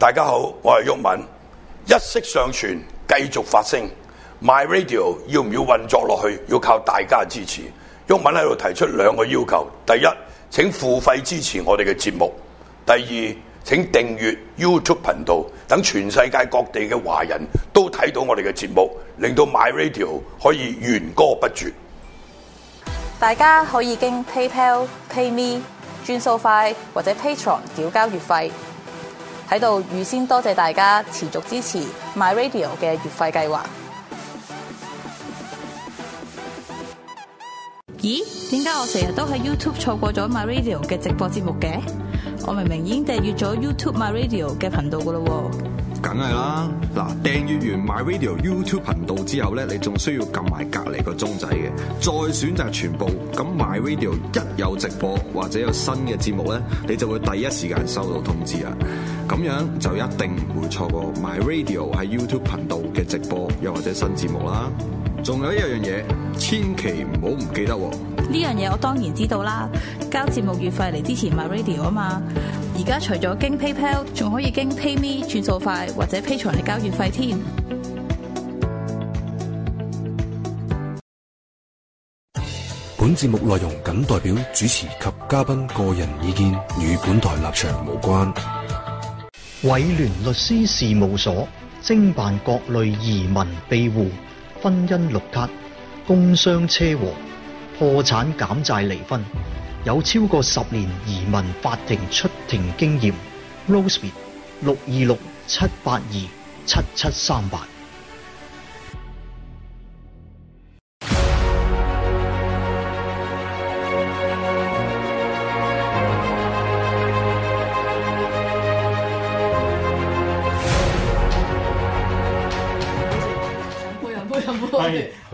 大家好，我係毓民，一息尚存，繼續發聲。My Radio 要唔要運作落去？要靠大家支持。毓民喺度提出兩個要求：第一，請付費支持我哋嘅節目；第二，請訂閱 YouTube 頻道，等全世界各地嘅華人都睇到我哋嘅節目，令到 My Radio 可以源歌不絕。大家可以經 PayPal、PayMe 轉數快，或者 Patreon 繳交月費。喺度預先多謝大家持續支持 My Radio 嘅月費計劃。咦？點解我成日都喺 YouTube 錯過咗 My Radio 嘅直播節目嘅？我明明已經訂閱咗 YouTube My Radio 嘅頻道㗎喇喎。梗係啦，嗱訂閱完 My Radio YouTube 頻道之後咧，你仲需要撳埋隔離個鐘仔嘅，再選擇全部，咁 My Radio 一有直播或者有新嘅節目咧，你就會第一時間收到通知啦！咁樣就一定唔會錯過 My Radio 喺 YouTube 頻道嘅直播又或者新節目啦。仲有一樣嘢，千祈唔好唔記得喎！呢樣嘢我當然知道啦，交節目月費嚟支持 MyRadio 啊嘛！而家除咗經 PayPal，仲可以經 PayMe 轉數快，或者 Patreon 嚟交月費添。本節目內容僅代表主持及嘉賓個人意見，與本台立場無關。偉聯律師事務所，精辦各類移民庇護。婚姻綠卡、工傷車禍，破產減債離婚，有超過十年移民法庭出庭經驗 Rosie 六二六七八二七七三八。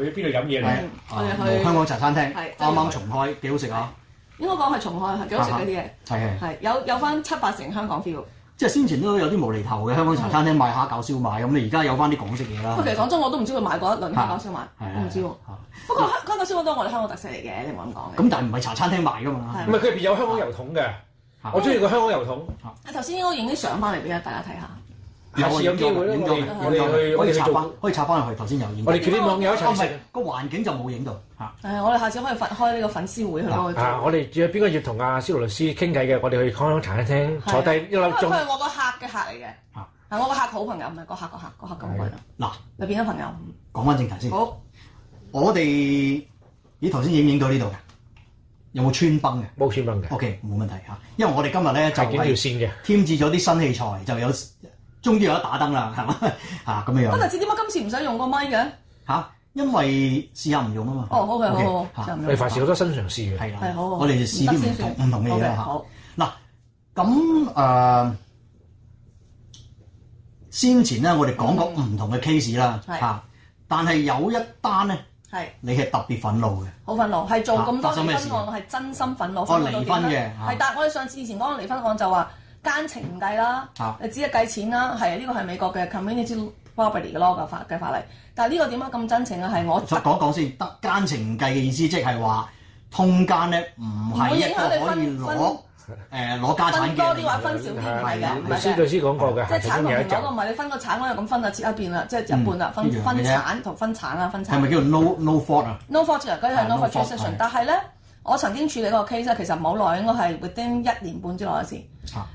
去邊度飲嘢嚟？我哋去香港茶餐廳，啱啱重開，幾好食啊！應該講係重開，係幾好食嗰啲嘢。係係係有有翻七八成香港 feel。即係先前都有啲無厘頭嘅香港茶餐廳賣蝦餃燒賣咁，你而家有翻啲港式嘢啦。其實講真我都唔知佢賣過一輪蝦餃燒賣，我唔知喎。不過香港燒賣都係我哋香港特色嚟嘅，你唔好咁講嘅。咁但係唔係茶餐廳賣㗎嘛？唔係佢入邊有香港油桶嘅，我中意個香港油桶。頭先應該影啲相翻嚟俾大家睇下。下次有機會影到嘅，影到可以插翻，可以插翻入去。頭先有影到。我哋 QQ 網有得睇。個環境就冇影到嚇。係我哋下次可以粉開呢個粉絲會咯。我哋要邊個要同阿蕭律師傾偈嘅？我哋去康康茶一廳茶餐廳坐低一粒鐘。因為我個客嘅客嚟嘅。嚇！我個客好朋友，唔係個客個客個客咁嗱，咯。嗱，變咗朋友。講翻正題先。好。我哋咦頭先影唔影到呢度嘅？有冇穿崩嘅？冇穿崩嘅。O K，冇問題嚇。因為我哋今日咧就嘅，添置咗啲新器材，就有。終於有得打燈啦，係嘛吓，咁樣樣。不就知點解今次唔使用個咪嘅吓？因為試下唔用啊嘛。哦，好嘅，好嘅。你凡事有好多新嘗試嘅，係啦。係好。我哋試啲唔同唔同嘅嘢啦嗱咁誒，先前咧我哋講過唔同嘅 case 啦嚇，但係有一單咧係你係特別憤怒嘅。好憤怒，係做咁多離婚案，係真心憤怒。關於離婚嘅係，但係我哋上次以前講個離婚案就話。奸情唔計啦，你只係計錢啦。係呢個係美國嘅 Community Property 嘅 law 嘅法嘅法例，但係呢個點解咁真情啊？係我再講講先，奸情唔計嘅意思即係話通奸咧，唔係一個可以攞誒攞家產分多啲或分少啲嚟㗎。係啊，係嘅，講過嘅即係產權嗰個唔係你分個產我又咁分啊，切一邊啦，即係一半啦、嗯，分分產同分產啦，分係咪叫 no no fault 啊？no fault 啊，嗰啲係 no fault transition 但係咧，我曾經處理過個 case 咧，其實唔好耐，應該係 within 一年半之內嘅事。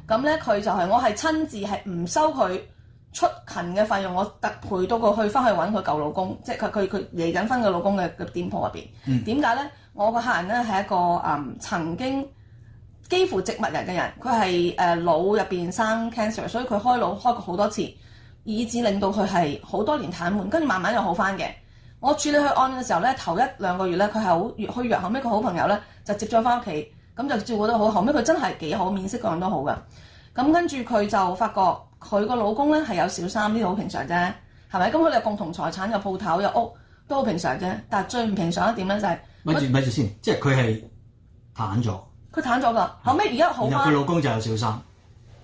咁咧，佢、啊、就係、是、我係親自係唔收佢出勤嘅費用，我特配到佢去翻去揾佢舊老公，即係佢佢佢離緊婚佢老公嘅嘅店鋪入邊。點解咧？我個客人咧係一個嗯曾經幾乎植物人嘅人，佢係誒腦入邊生 cancer，所以佢開腦開過好多次，以致令到佢係好多年癱瘓，跟住慢慢又好翻嘅。我處理佢案嘅時候咧，頭一兩個月咧，佢係好去藥，後尾佢好朋友咧就接咗翻屋企。咁就照顧得好，後尾佢真係幾好，面色個樣都好㗎。咁跟住佢就發覺佢個老公咧係有小三，呢個好平常啫，係咪？咁佢哋共同財產有鋪頭有，有屋都好平常啫。但係最唔平常一點咧就係、是，咪住咪住先，即係佢係攤咗，佢攤咗㗎。是後尾而家好佢老公就有小三，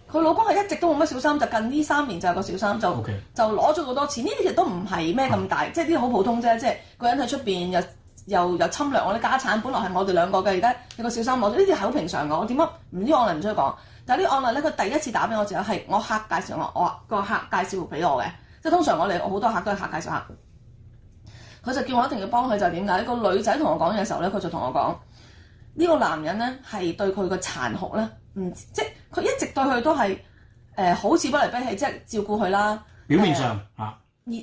佢老公係一直都冇乜小三，就近呢三年就有個小三就 Okay. 就攞咗好多錢。呢啲其實都唔係咩咁大，的即係啲好普通啫，即係個人喺出邊有。又有侵略我啲家產，本來係我哋兩個嘅，而家一個小三我，呢啲係好平常嘅。我點解唔知案例唔需要講？但係呢案例咧，佢第一次打俾我時候係我客介紹我，我話個客介紹嚟俾我嘅，即係通常我哋我好多客都係客介紹客。佢就叫我一定要幫佢，就係點解個女仔同我講嘢嘅時候咧，佢就同我講，呢、呢個男人咧係對佢嘅殘酷咧，唔即佢一直對佢都係誒、呃、好似不離不棄，即係照顧佢啦。表面上嚇，而、呃啊、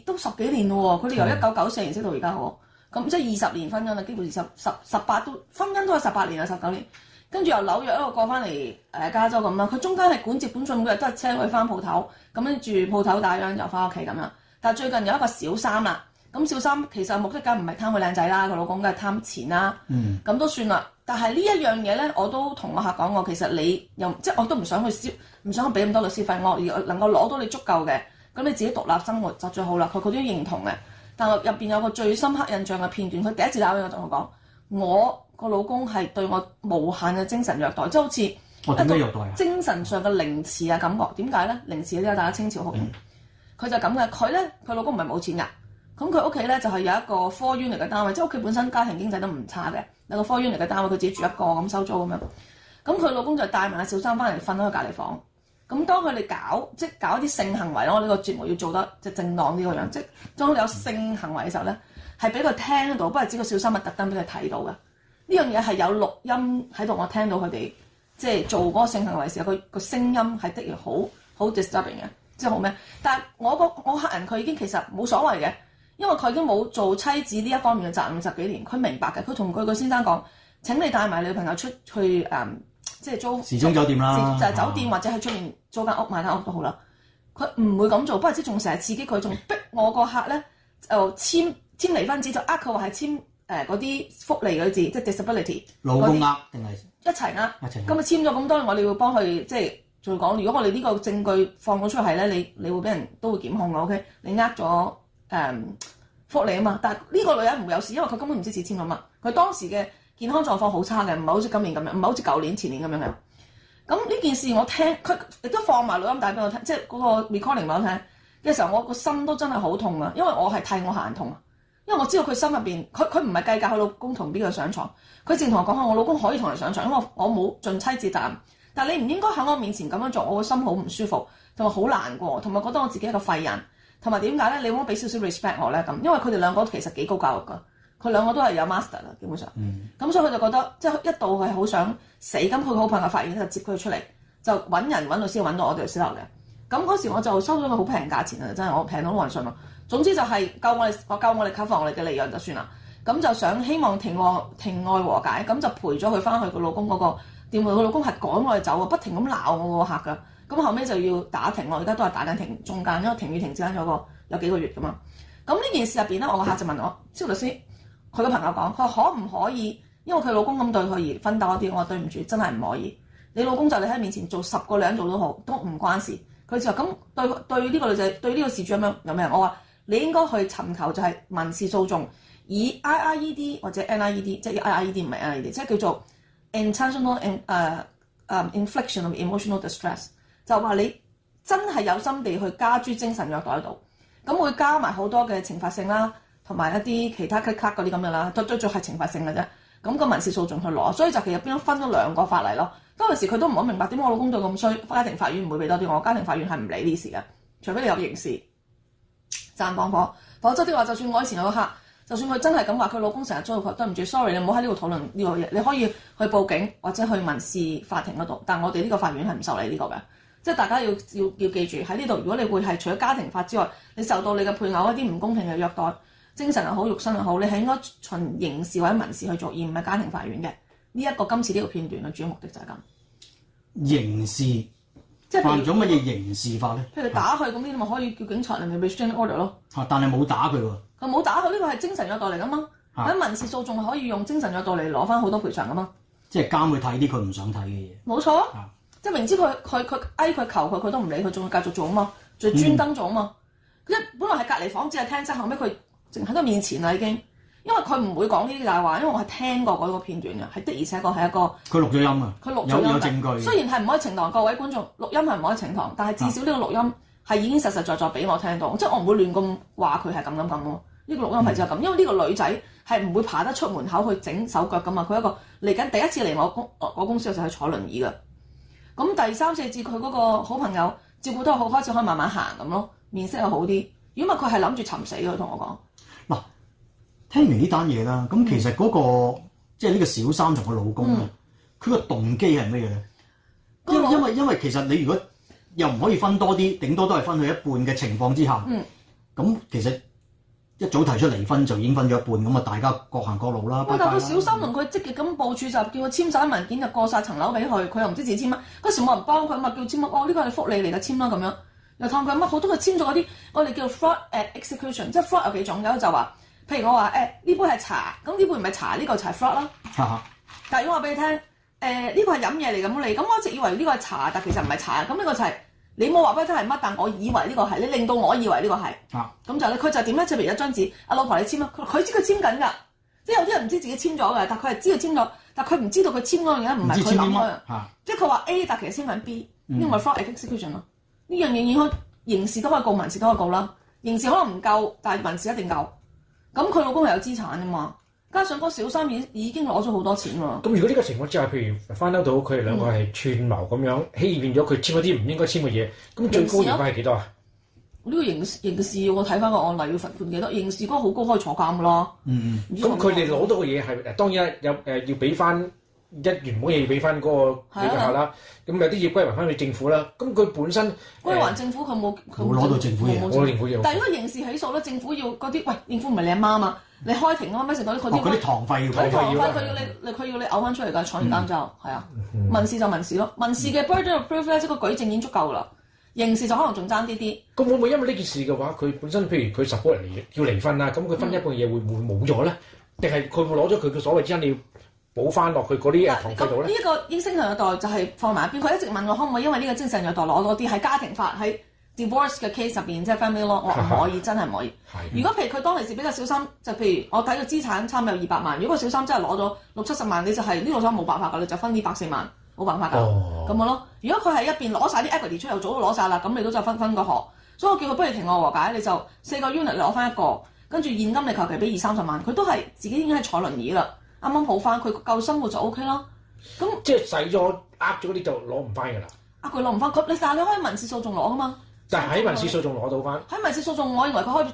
都十幾年咯喎，佢哋由一九九四年識到而家喎。咁即係二十年婚姻啦，幾乎十十十八都婚姻都係十八年啊，十九年。跟住由紐約一路過翻嚟誒加州咁啦。佢中間係管接本每日都係車佢翻鋪頭，咁跟住鋪頭打烊又翻屋企咁樣。但係最近有一個小三啦。咁小三其實目的梗唔係貪佢靚仔啦，佢老公梗係貪錢啦。嗯。咁都算啦。但係呢一樣嘢咧，我都同我客講過，其實你又即係我都唔想去消，唔想俾咁多律師費。我而我能夠攞到你足夠嘅，咁你自己獨立生活就最好啦。佢佢都認同嘅。但入邊有個最深刻印象嘅片段，佢第一次打俾我同我講，我個老公係對我無限嘅精神虐待，即係好似精神上嘅凌遲啊感覺。點解咧？凌遲你知啊，大家清朝好。佢、嗯、就咁嘅，佢咧佢老公唔係冇錢㗎，咁佢屋企咧就係、是、有一個 four unit 嘅單位，即係屋企本身家庭經濟都唔差嘅，有個 four unit 嘅單位，佢自己住一個咁收租咁樣，咁佢老公就帶埋阿小三翻嚟瞓喺佢隔離房。咁當佢哋搞即係搞啲性行為咯，我呢個節目要做得即係正當呢個樣，即係當你有性行為嘅時候咧，係俾佢聽到，不過只個小心物特登俾佢睇到嘅。呢樣嘢係有錄音喺度，我聽到佢哋即係做嗰個性行為時候，佢個聲音係的然好好 disturbing 嘅，即係好咩？但係我個我客人佢已經其實冇所謂嘅，因為佢已經冇做妻子呢一方面嘅責任十幾年，佢明白嘅。佢同佢個先生講，請你帶埋女朋友出去誒。嗯即係租時鐘酒店啦，就係、是、酒店的或者喺出面租間屋買間屋都好啦。佢唔會咁做，不過仲成日刺激佢，仲逼我個客咧，就簽簽離婚紙就簽呃佢話係簽誒嗰啲福利嗰啲字，即係 disability 老公呃定係一齊呃，咁啊簽咗咁多，我哋會幫佢即係再講。如果我哋呢個證據放咗出去咧，你你會俾人都會檢控嘅。O、okay? K，你呃咗誒福利啊嘛，但呢個女人唔會有事，因為佢根本唔知自己簽咗嘛，佢當時嘅。健康狀況好差嘅，唔係好似今年咁樣，唔係好似舊年、前年咁樣嘅。咁呢件事我聽佢亦都放埋錄音帶俾我聽，即係嗰個 recording 俾我聽嘅時候，我個心都真係好痛啊！因為我係替我行痛啊，因為我知道佢心入邊，佢佢唔係計較佢老公同邊個上床，佢淨同我講話，我老公可以同你上床，因為我冇盡妻子責。但係你唔應該喺我面前咁樣做，我個心好唔舒服，同埋好難過，同埋覺得我自己係個廢人。同埋點解咧？你可唔可以俾少少 respect 我咧？咁，因為佢哋兩個其實幾高教育㗎。佢兩個都係有 master 啦，基本上咁、mm hmm. 嗯，所以佢就覺得即係、就是、一度佢好想死咁，佢好朋友發現就接佢出嚟，就揾人揾律師揾到我哋小劉嘅。咁嗰時我就收到個好平價錢啊！真係我平到都唔信咯。總之就係救我哋，救我哋扣房我哋嘅利潤就算啦。咁就想希望庭外庭外和解，咁就賠咗佢翻去佢老公嗰、那個電話。佢老公係趕我哋走啊，不停咁鬧我個客㗎。咁後尾就要打停，我而家都係打緊停中間，因為停與停之間有個有幾個月㗎嘛。咁呢件事入邊咧，我個客就問我肖律師。佢個朋友講：佢可唔可以因為佢老公咁對佢而分鬥一啲？我話對唔住，真係唔可以。你老公就你喺面前做十個女人做都好，都唔關事。佢就話：咁對對呢個女仔對呢個事主咁樣有咩？我話：你應該去尋求就係民事訴訟，以 IIED 或者 NIED，即係 IIED 唔係 NIED，即係叫做 intentional a In, n、uh, infliction of emotional distress，就話你真係有心地去加諸精神虐待度，咁會加埋好多嘅懲罰性啦。同埋一啲其他卡 u 嗰啲咁嘅啦，都都仲係懲罰性嘅啫。咁、那個民事訴訟去攞，所以就其實邊咗分咗兩個法例咯。當時佢都唔好明白點解我老公做咁衰。家庭法院唔會俾多啲我，家庭法院係唔理呢事嘅，除非你有刑事。暫放火，否則的話，就算我以前有個客，就算佢真係咁話，佢老公成日追佢，對唔住，sorry，你唔好喺呢度討論呢個嘢。你可以去報警或者去民事法庭嗰度，但我哋呢個法院係唔受理呢個嘅。即係大家要要要記住喺呢度，如果你會係除咗家庭法之外，你受到你嘅配偶一啲唔公平嘅虐待。精神又好，肉身又好，你係應該循刑事或者民事去做，而唔係家庭法院嘅。呢、這、一個今次呢個片段嘅主要目的就係咁。刑事即係犯咗乜嘢刑事法咧？譬如打佢咁，呢啲咪可以叫警察嚟咪變 restrain order 咯。但係冇打佢喎、啊。佢冇打佢，呢、這個係精神虐待嚟噶嘛？喺是民事訴訟可以用精神虐待嚟攞翻好多賠償噶嘛？即係監佢睇啲佢唔想睇嘅嘢。冇錯錯，是即係明知佢佢佢佢求佢，佢都唔理佢，仲繼續做啊嘛，仲專登做啊嘛。一、嗯、本來係隔離房，只係廳室，後尾。佢。喺佢面前啦，已經，因為佢唔會講呢啲大話，因為我係聽過嗰個片段嘅，係的，而且確係一個。佢錄咗音啊！佢錄咗音，有有證據。雖然係唔可以呈堂，各位觀眾，錄音係唔可以呈堂，但係至少呢個錄音係已經實實在在俾我聽到，啊、即係我唔會亂咁話佢係咁咁咁咯。呢、呢個錄音係真係咁，嗯、因為呢個女仔係唔會爬得出門口去整手腳㗎嘛。佢一個嚟緊第一次嚟我公我公司嘅時候坐輪椅嘅，咁第三四節佢嗰個好朋友照顧得好，開始可以慢慢行咁咯，面色又好啲。如果唔係，佢係諗住尋死嘅，佢同我講。嗱，聽完呢單嘢啦，咁其實嗰、那個、嗯、即係呢個小三同佢老公咧，佢個、嗯、動機係乜嘢咧？因、那個、因為因為其實你如果又唔可以分多啲，頂多都係分去一半嘅情況之下，咁、嗯、其實一早提出離婚就已經分咗一半，咁啊大家各行各路啦。但係個小三同佢積極咁部署就叫佢簽晒文件，就過晒層樓俾佢，佢又唔知自己簽乜，嗰時冇人幫佢嘛，叫簽乜？哦，呢個係福利嚟㗎，簽啦咁樣。又同佢乜好多佢簽咗嗰啲，我哋叫 fraud execution，即係 fraud 有幾種嘅，就話，譬如我話誒呢杯係茶，咁呢杯唔係茶，呢個係 fraud 啦。啊、但係如果我俾你聽，誒呢個係飲嘢嚟咁你。咁、欸這個、我一直以為呢個係茶，但其實唔係茶，咁呢個就係、是、你冇話俾佢聽係乜，但我以為呢個係，你令到我以為呢個係。咁、啊、就咧，佢就點咧？就係譬如有張紙，阿、啊、老婆你簽啦，佢知佢簽緊㗎，即係有啲人唔知自己簽咗㗎，但佢係知道簽咗，但佢唔知道佢簽嗰樣嘢唔係佢諗嘅，啊、即係佢話 A，但其實簽緊 B，因為 fraud execution 咯。呢樣嘢應該刑事都可以告，民事都可以告啦。刑事可能唔夠，但係民事一定夠。咁佢老公係有資產㗎嘛，加上嗰小三已已經攞咗好多錢喎。咁、嗯、如果呢個情況之下，譬如翻嬲到佢哋兩個係串謀咁樣欺騙咗佢簽嗰啲唔應該簽嘅嘢，咁最高刑罰係幾多啊？呢個刑事刑事我睇翻個案例要罰判幾多？刑事嗰個好高可以坐監㗎啦。嗯，咁佢哋攞到嘅嘢係當然有誒要俾翻。一完滿嘢要俾翻嗰個旅客啦，咁有啲嘢歸還翻去政府啦，咁佢本身歸還政府佢冇冇攞到政府嘢，政府但係如果刑事起訴咧，政府要嗰啲喂，政府唔係你阿媽嘛？你開庭啊嘛，乜事都佢。哦，嗰啲堂費要堂費要佢要你，佢要你嘔翻出嚟㗎，財產擔就係啊，民事就民事咯，民事嘅 burden 即係個舉證已經足夠啦，刑事就可能仲爭啲啲。咁會唔會因為呢件事嘅話，佢本身譬如佢十個人嚟要離婚啦，咁佢分一半嘢會唔會冇咗咧？定係佢會攞咗佢嘅所謂之間你要？補翻落去嗰啲嘢，同嗰度咧呢、這個、一個應徵人嘅袋就係放埋一邊。佢一直問我可唔可以因為呢個精神虐待攞多啲，喺家庭法喺 divorce 嘅 case 入邊即係 family 咯。我話唔可以， 真係唔可以。 如果譬如佢當其時比較小心，就是、譬如我睇個資產差唔多有二百萬。如果小三真係攞咗六七十萬，你就係呢個冇辦法㗎，你就分呢百四萬冇辦法㗎，咁、哦、樣咯。如果佢係一邊攞晒啲 equity 出，又早都攞晒啦，咁你都就分分個殼。所以我叫佢不如庭外和解，你就四個 unit 你攞翻一個，跟住現金你求其俾二三十萬。佢都係自己已經係坐輪椅啦。啱啱好翻佢夠生活就 OK 啦。咁即係使咗呃咗啲就攞唔翻㗎啦。呃佢攞唔翻，佢你但係你可以民事訴訟攞㗎嘛？但係喺民事訴訟攞到翻？喺民事訴訟，我認為佢可以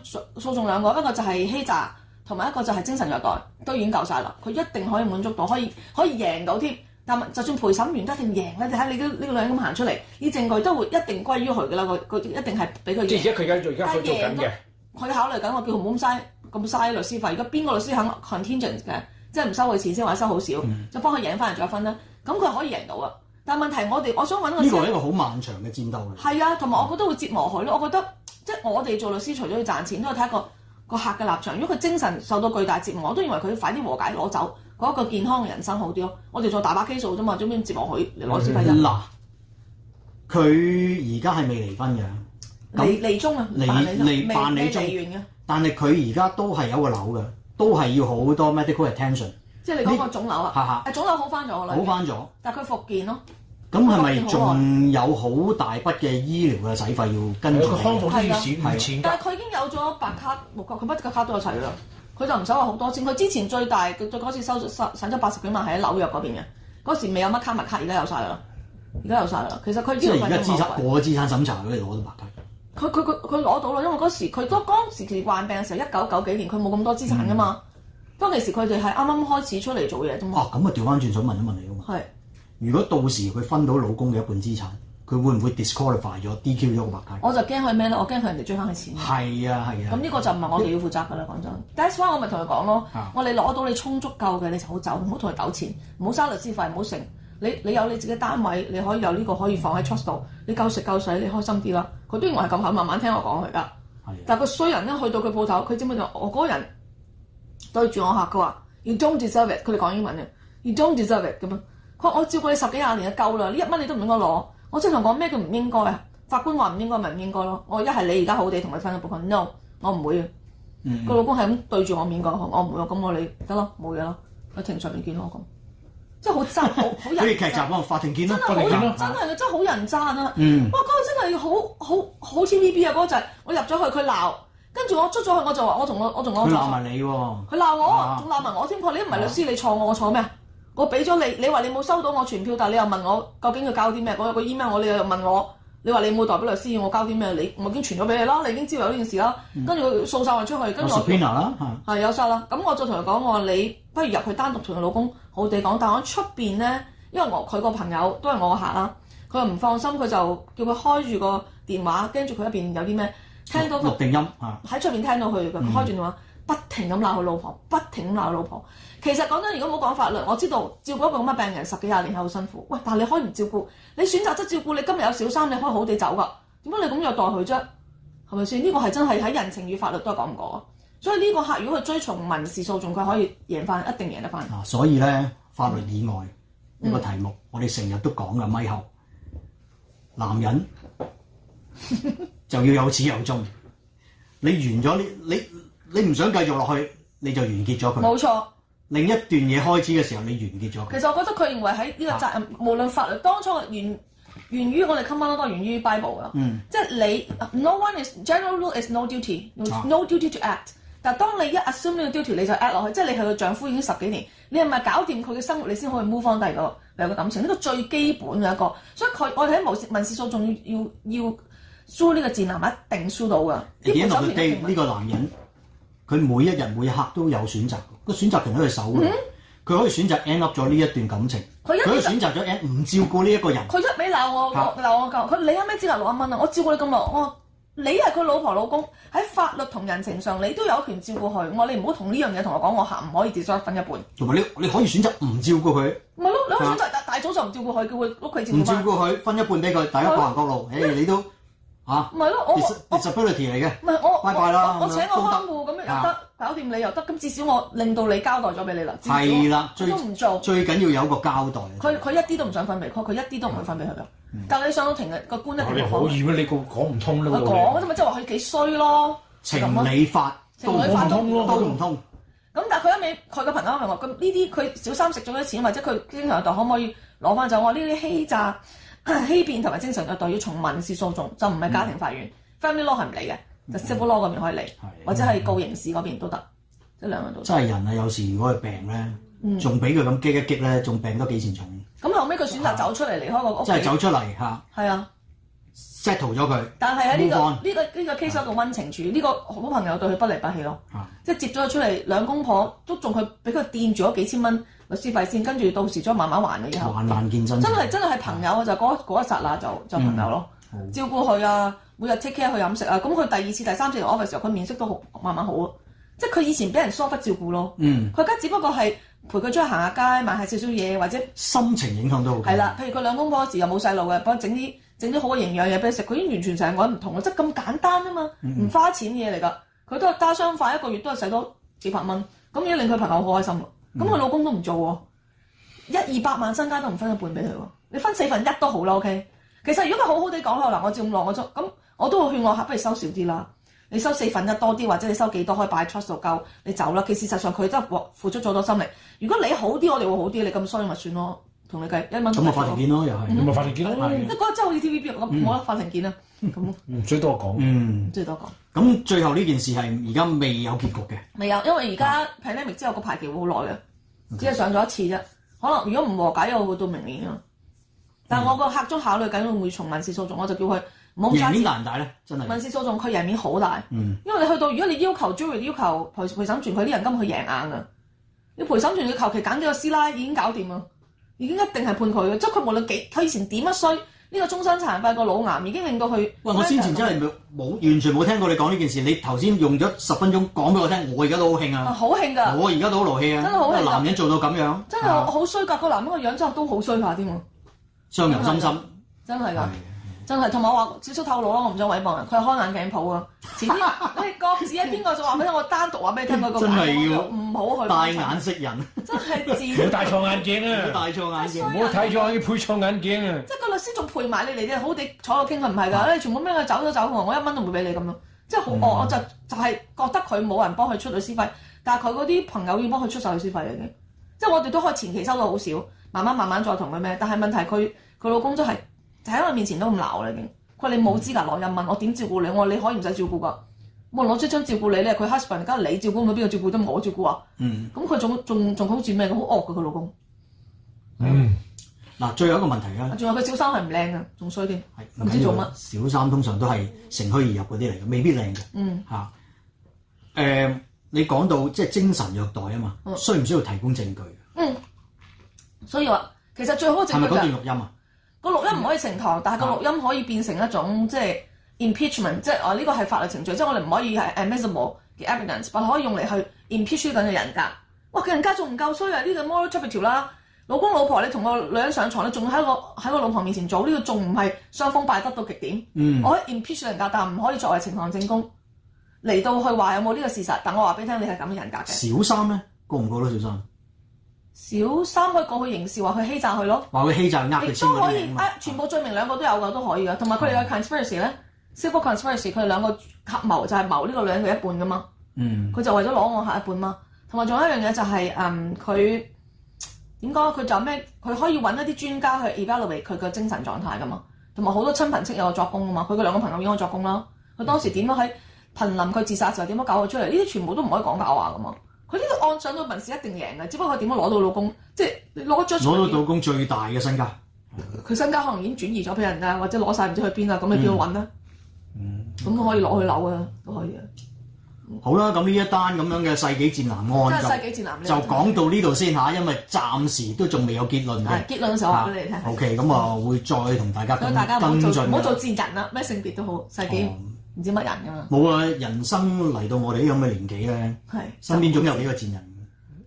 訴訟兩個，一個就係欺詐，同埋一個就係精神虐待，都已經夠晒啦。佢一定可以滿足到，可以可以贏到添。但就算陪審員一定贏咧，你睇你都呢個女人咁行出嚟，啲證據都會一定歸於佢㗎啦。佢一定係俾佢。即係而家佢而家而家喺做緊嘅。佢但贏 考慮緊，我叫唔好咁嘥咁嘥律師費。而家邊個律師肯 contingency 嘅？即係唔收佢錢先，或者收好少，嗯、就幫佢贏翻人再分啦。咁佢可以贏到啊！但係問題，我哋我想揾個呢個係一個好漫長嘅戰鬥嘅。係啊，同埋我覺得會折磨佢咯。嗯、我覺得即係我哋做律師，除咗要賺錢，都要睇一個一個客嘅立場。如果佢精神受到巨大折磨，我都認為佢快啲和解攞走嗰一個健康嘅人生好啲咯。我哋做大把 case 啫嘛、嗯，做咩折磨佢嚟攞小費？嗱，佢而家係未離婚嘅，離中離，離中啊，離離未中離完嘅。中但係佢而家都係有個樓嘅。嗯都係要好多 medical attention，即係你講個腫瘤啊，嚇嚇你，誒腫，呵腫瘤好翻咗，好翻咗，但係佢復健咯。咁係咪仲有好大筆嘅醫療嘅使費要跟住佢？的的但係佢已經有咗白卡，冇佢乜個卡都有齊啦。佢就唔使話好多錢，正佢之前最大，最嗰次收收省咗八十幾萬喺紐約嗰邊嘅，嗰時未有乜卡物卡，而家有曬啦，而家有曬啦。其實佢即係而家資產，過咗資產審查嘅，佢佢佢佢攞到啦，因為嗰時佢都嗰、嗯、時佢患病嘅時候，一九九幾年佢冇咁多資產噶嘛。當其時佢哋係啱啱開始出嚟做嘢都嘛。哇、嗯！咁、嗯、啊，調翻轉想問一問你啊嘛。係是。如果到時佢分到老公嘅一半資產，佢會唔會 disqualify 咗、DQ 咗個白帶？我就驚佢咩咧？我驚佢人哋追翻佢錢。係啊係啊。咁呢、啊嗯啊、個就唔係我哋要負責噶啦，講真。第一 round 我咪同佢講咯，啊、我哋攞到你充足夠嘅，你就好走，唔好同佢糾纏，唔好收律師費，唔好成。你你有你自己單位，你可以有呢、這個可以放喺 trust 度，你夠食夠水，你開心啲啦。佢都認為係咁肯慢慢聽我講佢噶。但係個衰人咧，去到佢鋪頭，佢只不過就我嗰個人對住我嚇，佢話：You don't deserve it 佢哋講英文嘅，You don't deserve it 咁樣。佢話我照顧你十幾廿年就夠啦，呢一蚊你都唔應該攞。我即係同講咩叫唔應該啊？法官話唔應該咪唔應該咯。我一係你而家好啲，同佢分一部分，no，我唔會嘅。個、mm hmm. 老公係咁對住我面講，我唔要咁我你得咯，冇嘢咯。喺庭上面見我咁。真係好真，好 好人。不如劇集咯，法庭見咯，嗰陣咯，真係真係好人渣啊！嗯，哇，嗰、那個真係好好好 T V B 啊！嗰、那、陣、個、我入咗去，佢鬧，跟住我出咗去，我就話我同我我仲我。佢鬧埋你喎！佢鬧我，仲鬧埋我添，佢、啊、你唔係律師，啊、你錯我，我錯咩？我俾咗你，你話你冇收到我傳票，但係你又問我究竟佢搞啲咩？我有個 email，我你又又問我。你話你冇代表律師？要我交啲咩？你我已經傳咗俾你啦，你已經知道有呢件事啦。跟住佢掃晒我出去，跟住 有 我。我 subpoena 啦，係有晒啦。咁我就同佢講，我話你不如入去單獨同佢老公好地講，但係我出邊咧，因為我佢個朋友都係我客啦，佢又唔放心，佢就叫佢開住個電話，跟住佢一邊有啲咩聽到佢錄定音喺出邊聽到佢佢開住電話。嗯，不停咁鬧佢老婆，不停咁鬧老婆。其實講真，如果冇講法律，我知道照顧一個咁嘅病人十幾廿年係好辛苦。喂，但係你可以唔照顧，你選擇咗照顧，你今日有小三，你可以好地走噶。點解你咁虐待佢啫？係咪先？呢、這個係真係喺人情與法律都講唔過。所以呢個客如果去追從民事訴訟，佢可以贏翻，一定贏得翻、啊。所以咧法律以外呢、嗯、個題目，嗯、我哋成日都講嘅咪後，男人就要有始有終。 你完咗你你。你你你唔想繼續落去，你就完結咗佢。冇錯，另一段嘢開始嘅時候，你完結咗。其實我覺得佢認為喺呢個責任，啊、無論法律當初源源於我哋 Common Law，都源於 Bible 㗎，嗯啊，即係你 no one is general rule is no duty no,、啊、no duty to act。但係當你一 assume 呢個 duty，你就 at 落去，即係你係個丈夫已經十幾年，你係咪搞掂佢嘅生活，你先可以 move on 第二個兩個感情呢個最基本嘅一個。所以佢我哋喺民事民事訴訟要要要 show 呢個責任，一定 show 到嘅。而家佢呢個男人。佢每一日每一刻都有選擇，個選擇權喺佢手佢、嗯、可以選擇 end up 咗呢一段感情。佢一可以選擇咗 end 唔照顧呢一個人。佢 一味鬧我鬧、啊、我鳩，佢你有咩資格？六一蚊啊！我照顧你咁耐，我你係佢老婆老公喺法律同人情上，你都有權照顧佢。我話你唔好同呢樣嘢同我講，我行唔可以自梳分一半。同埋你你可以選擇唔照顧佢。唔係咯，你可以選擇大大早上唔照顧佢，叫佢碌佢自己。唔照顧佢，分一半俾佢，大家各行各路。誒，你都。嚇！唔係咯，我我嚟嘅。唔係我我我請我看護咁又得，搞掂你又得。咁至少我令到你交代咗俾你啦。係啦，最最緊要有個交代。佢佢一啲都唔想分俾佢，佢一啲都唔會分俾佢嘅。但你上到庭嘅個官一好咧，你講唔通咯。佢講啫嘛，即係話佢幾衰咯。情理法情理法通咯，都唔通。咁但係佢一味，佢個朋友咪話：咁呢啲佢小三食咗啲錢，或者佢經常有可唔可以攞翻走？我呢啲欺詐。 欺騙同埋精神虐待要從民事訴訟，就唔係家庭法院。嗯、family law 係唔嚟嘅，Okay. 就 civil law 嗰邊可以理，的或者係告刑事嗰邊都得。嗯、即係兩個都。真係人啊，有時如果係病咧，仲俾佢咁激一激咧，仲病得多幾錢重。咁、嗯、後尾佢選擇走出嚟離開個屋。即係走出嚟吓？係啊。settle 咗佢，但係喺呢個呢個呢個 case 一個溫情處，呢個好朋友對佢不離不棄咯，即係接咗佢出嚟，兩公婆都仲佢，俾佢墊住咗幾千蚊律師費先，跟住到時再慢慢還嘅以後。患難見真情。真係真係朋友就嗰一剎那就就朋友咯，照顧佢啊，每日 take care 佢飲食啊。咁佢第二次、第三次嚟 office 嘅時候，佢面色都好慢慢好啊。即係佢以前俾人疏忽照顧咯，佢而家只不過係陪佢出去行下街，買下少少嘢或者心情影響都好。係啦，譬如佢兩公婆嗰時又冇細路嘅，幫佢整啲。整啲好嘅營養嘢俾你食，佢已經完全成個人唔同啦，即係咁簡單啊嘛，唔、嗯、花錢嘅嘢嚟噶，佢都係加雙份，一個月都係使多幾百蚊，咁已經令佢朋友好開心喎，咁佢、嗯、老公 1, 都唔做喎，一二百萬身家都唔分一半俾佢喎，你分四分一都好啦，OK，其實如果佢好好地講啦，嗱，我只咁落我咗，咁我都會勸我客。不如收少啲啦，你收四分一多啲，或者你收幾多可以擺 trust 度夠，你走啦，其實事實上佢真係付出咗多心力，如果你好啲，我哋會好啲，你咁衰咪算咯。同你計一蚊咁咪法庭見咯，又係咁咪法庭見啦，即嗰日真係好似 TVB 咁，冇得法庭見啦，咁最多講，最多講。咁最後呢件事係而家未有結局嘅，未有，因為而家 pandemic 之後個排期好耐嘅，只係上咗一次啫。可能如果唔和解，我會到明年啊。但係我個客中考慮緊會唔會從民事訴訟，我就叫佢冇爭錢。贏面難咧，真係民事訴訟，佢贏面好大。因為你去到，如果你要求 jury 要求陪陪審團，佢啲人根本佢贏硬㗎。你陪審團，要求其揀幾個師奶已經搞掂啦。已經一定係判佢嘅，即係佢無論幾，佢以前點樣衰，呢、呢個終身殘廢個腦癌已經令到佢。喂，我先前真係冇完全冇聽過你講呢件事，你頭先用咗十分鐘講俾我聽，我而家都好慶啊！好慶㗎，我而家都好勞氣啊！真係好慶，男人做到咁樣。真係好衰㗎，個、啊、男人個樣心心真係都好衰下添喎，相由心生。真係㗎。真係，同埋我話少少透露咯，我唔想毀謗人。佢係開眼鏡鋪啊，前啲你各自一邊個就話俾 我，單獨話俾你聽嗰個朋友唔好去戴眼識人， 真係要戴錯眼鏡啊！戴錯眼鏡，唔好睇錯要配錯眼鏡啊！即係個律師仲配埋你嚟啫，好地坐個傾，唔係㗎，啊、你全部咩佢走都走，我一蚊都唔會俾你咁咯。即係好惡，我、嗯、我就就係覺得佢冇人幫佢出律師費，但係佢嗰啲朋友要幫佢出曬律師費嚟嘅。即係我哋都可以前期收到好少，慢慢慢慢再同佢咩。但係問題佢佢老公都、就、係、是。就喺我面前都唔鬧啦已經，佢話你冇資格攞人問我點照顧你，我話你可以唔使照顧噶，我攞出張照顧你咧，佢 husband，而家你照顧唔到邊個照顧得我照顧啊？咁佢仲仲仲好似咩咁，好惡嘅佢老公。嗱、嗯，最後一個問題啊。仲有佢小三係唔靚啊。仲衰啲。係唔知做乜？小三通常都係乘虛而入嗰啲嚟嘅，未必靚嘅。嗯。吓、啊。誒、呃，你講到即係精神虐待啊嘛，嗯、需唔需要提供證據？嗯。所以話，其實最好嘅證據係咪段錄音啊？個錄音唔可以呈堂，但係個錄音可以變成一種、就是 achment，嗯、即係 impeachment，即係啊呢個係法律程序，即係我哋唔可以係 admis、嗯、sible 嘅 evidence，但可以用嚟去 impeach 咁嘅人格。哇，佢人格仲唔夠衰啊？呢個 moral turpitude 啦，老公老婆你同個女人上床，你仲喺個喺個老婆面前做呢、這個，仲唔係雙風敗德到極點？嗯、我可以 impeach 人格，但係唔可以作為呈堂證供嚟到去話有冇呢個事實。但我話俾你聽，你係咁嘅人格嘅。小三咩？過唔過得小三？小三個個可以過去刑事話佢欺詐佢咯，話佢欺詐呃亦都可以啊！全部罪名兩個都有噶，啊、都可以噶。同埋佢哋嘅 conspiracy 咧，civil conspiracy 佢哋兩個合謀就係謀呢個女人個一半噶嘛，嗯，佢就為咗攞我下一半嘛。同埋仲有一樣嘢就係、是、嗯佢點講佢就咩？佢可以揾一啲專家去 evaluate 佢個精神狀態噶嘛。同埋好多親朋戚友作供噶嘛。佢個兩個朋友點解作供啦？佢當時點樣喺瀕臨佢自殺時候點樣，樣搞佢出嚟？呢啲全部都唔可以講假話噶嘛。佢呢個案上到民事一定贏嘅，只不過點樣攞到老公，即係攞咗，攞到老公最大嘅身家。佢身家可能已經轉移咗俾人啦，或者攞晒唔知去邊啦，咁你叫佢揾啦，嗯。咁可以攞去樓嘅，都可以嘅。嗯、好啦，咁呢一單咁樣嘅世紀賤男案世賤男那就講到呢度先吓、啊。因為暫時都仲未有結論啊。結論嘅時候我，我俾你聽。OK，咁啊，會再同大家跟、嗯、大家唔好做，做，做賤人啦，咩性別都好，世紀。嗯唔知乜人㗎嘛？冇啊！人生嚟到我哋呢咁嘅年紀咧，身邊總有幾個賤人。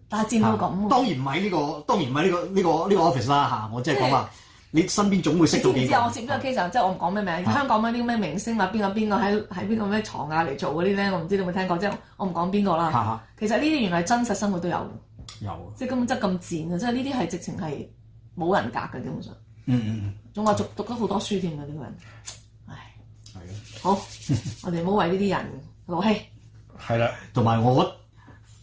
但係賤到咁喎。當然唔係呢個，當然唔係呢個呢個呢個 office 啦吓，我即係講話，你身邊總會識到幾？我接呢個 case 即係我唔講咩名。香港嗰啲咩明星啊，邊個邊個喺喺邊個咩牀啊嚟做嗰啲咧？我唔知你有冇聽過啫。我唔講邊個啦。其實呢啲原來真實生活都有有。即係根本真係咁賤啊！即係呢啲係直情係冇人格嘅，基本上。嗯嗯。仲話讀讀咗好多書添㗎，呢個人。好，我哋唔好為呢啲人，勞氣係啦，同埋我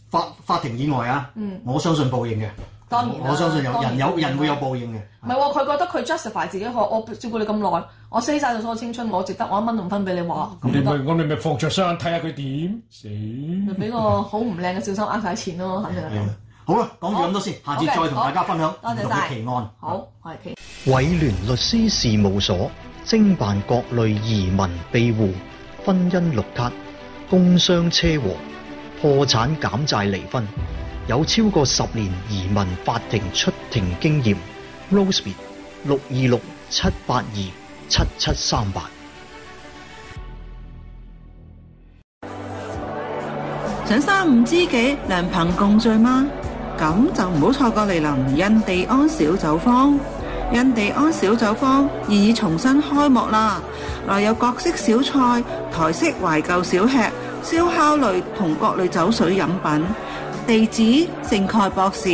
法法庭以外啊，我相信報應嘅，當然我相信有人有人會有報應嘅，唔係喎，佢覺得佢 justify 自己，我我照顧你咁耐，我 say 晒咗所有青春，我值得，我一蚊都唔分俾你話，咁你咪我咪咪放着雙眼睇下佢點死，咪俾個好唔靚嘅小心呃晒錢咯，肯定係，好啦，講住咁多先，下次再同大家分享多個奇案，好，係奇，偉聯律師事務所。經辦各類移民庇護、婚姻綠卡、工傷車禍、破產減債、離婚，有超過十年移民法庭出庭經驗。Rosby 六二六七八二七七三八。想三五知己良朋共聚嗎？咁就唔好錯過嚟臨印第安小酒坊。印地安小酒坊現已重新開幕啦！內有各式小菜、台式懷舊小吃、燒烤類同各類酒水飲品。地址：聖蓋博市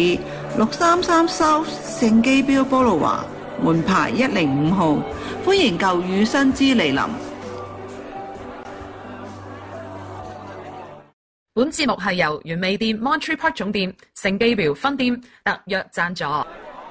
六三三 South 聖基表波魯華門牌一零五號，歡迎舊雨新知嚟臨。本節目係由完美店 Monterey Park 總店、聖基表分店特約贊助。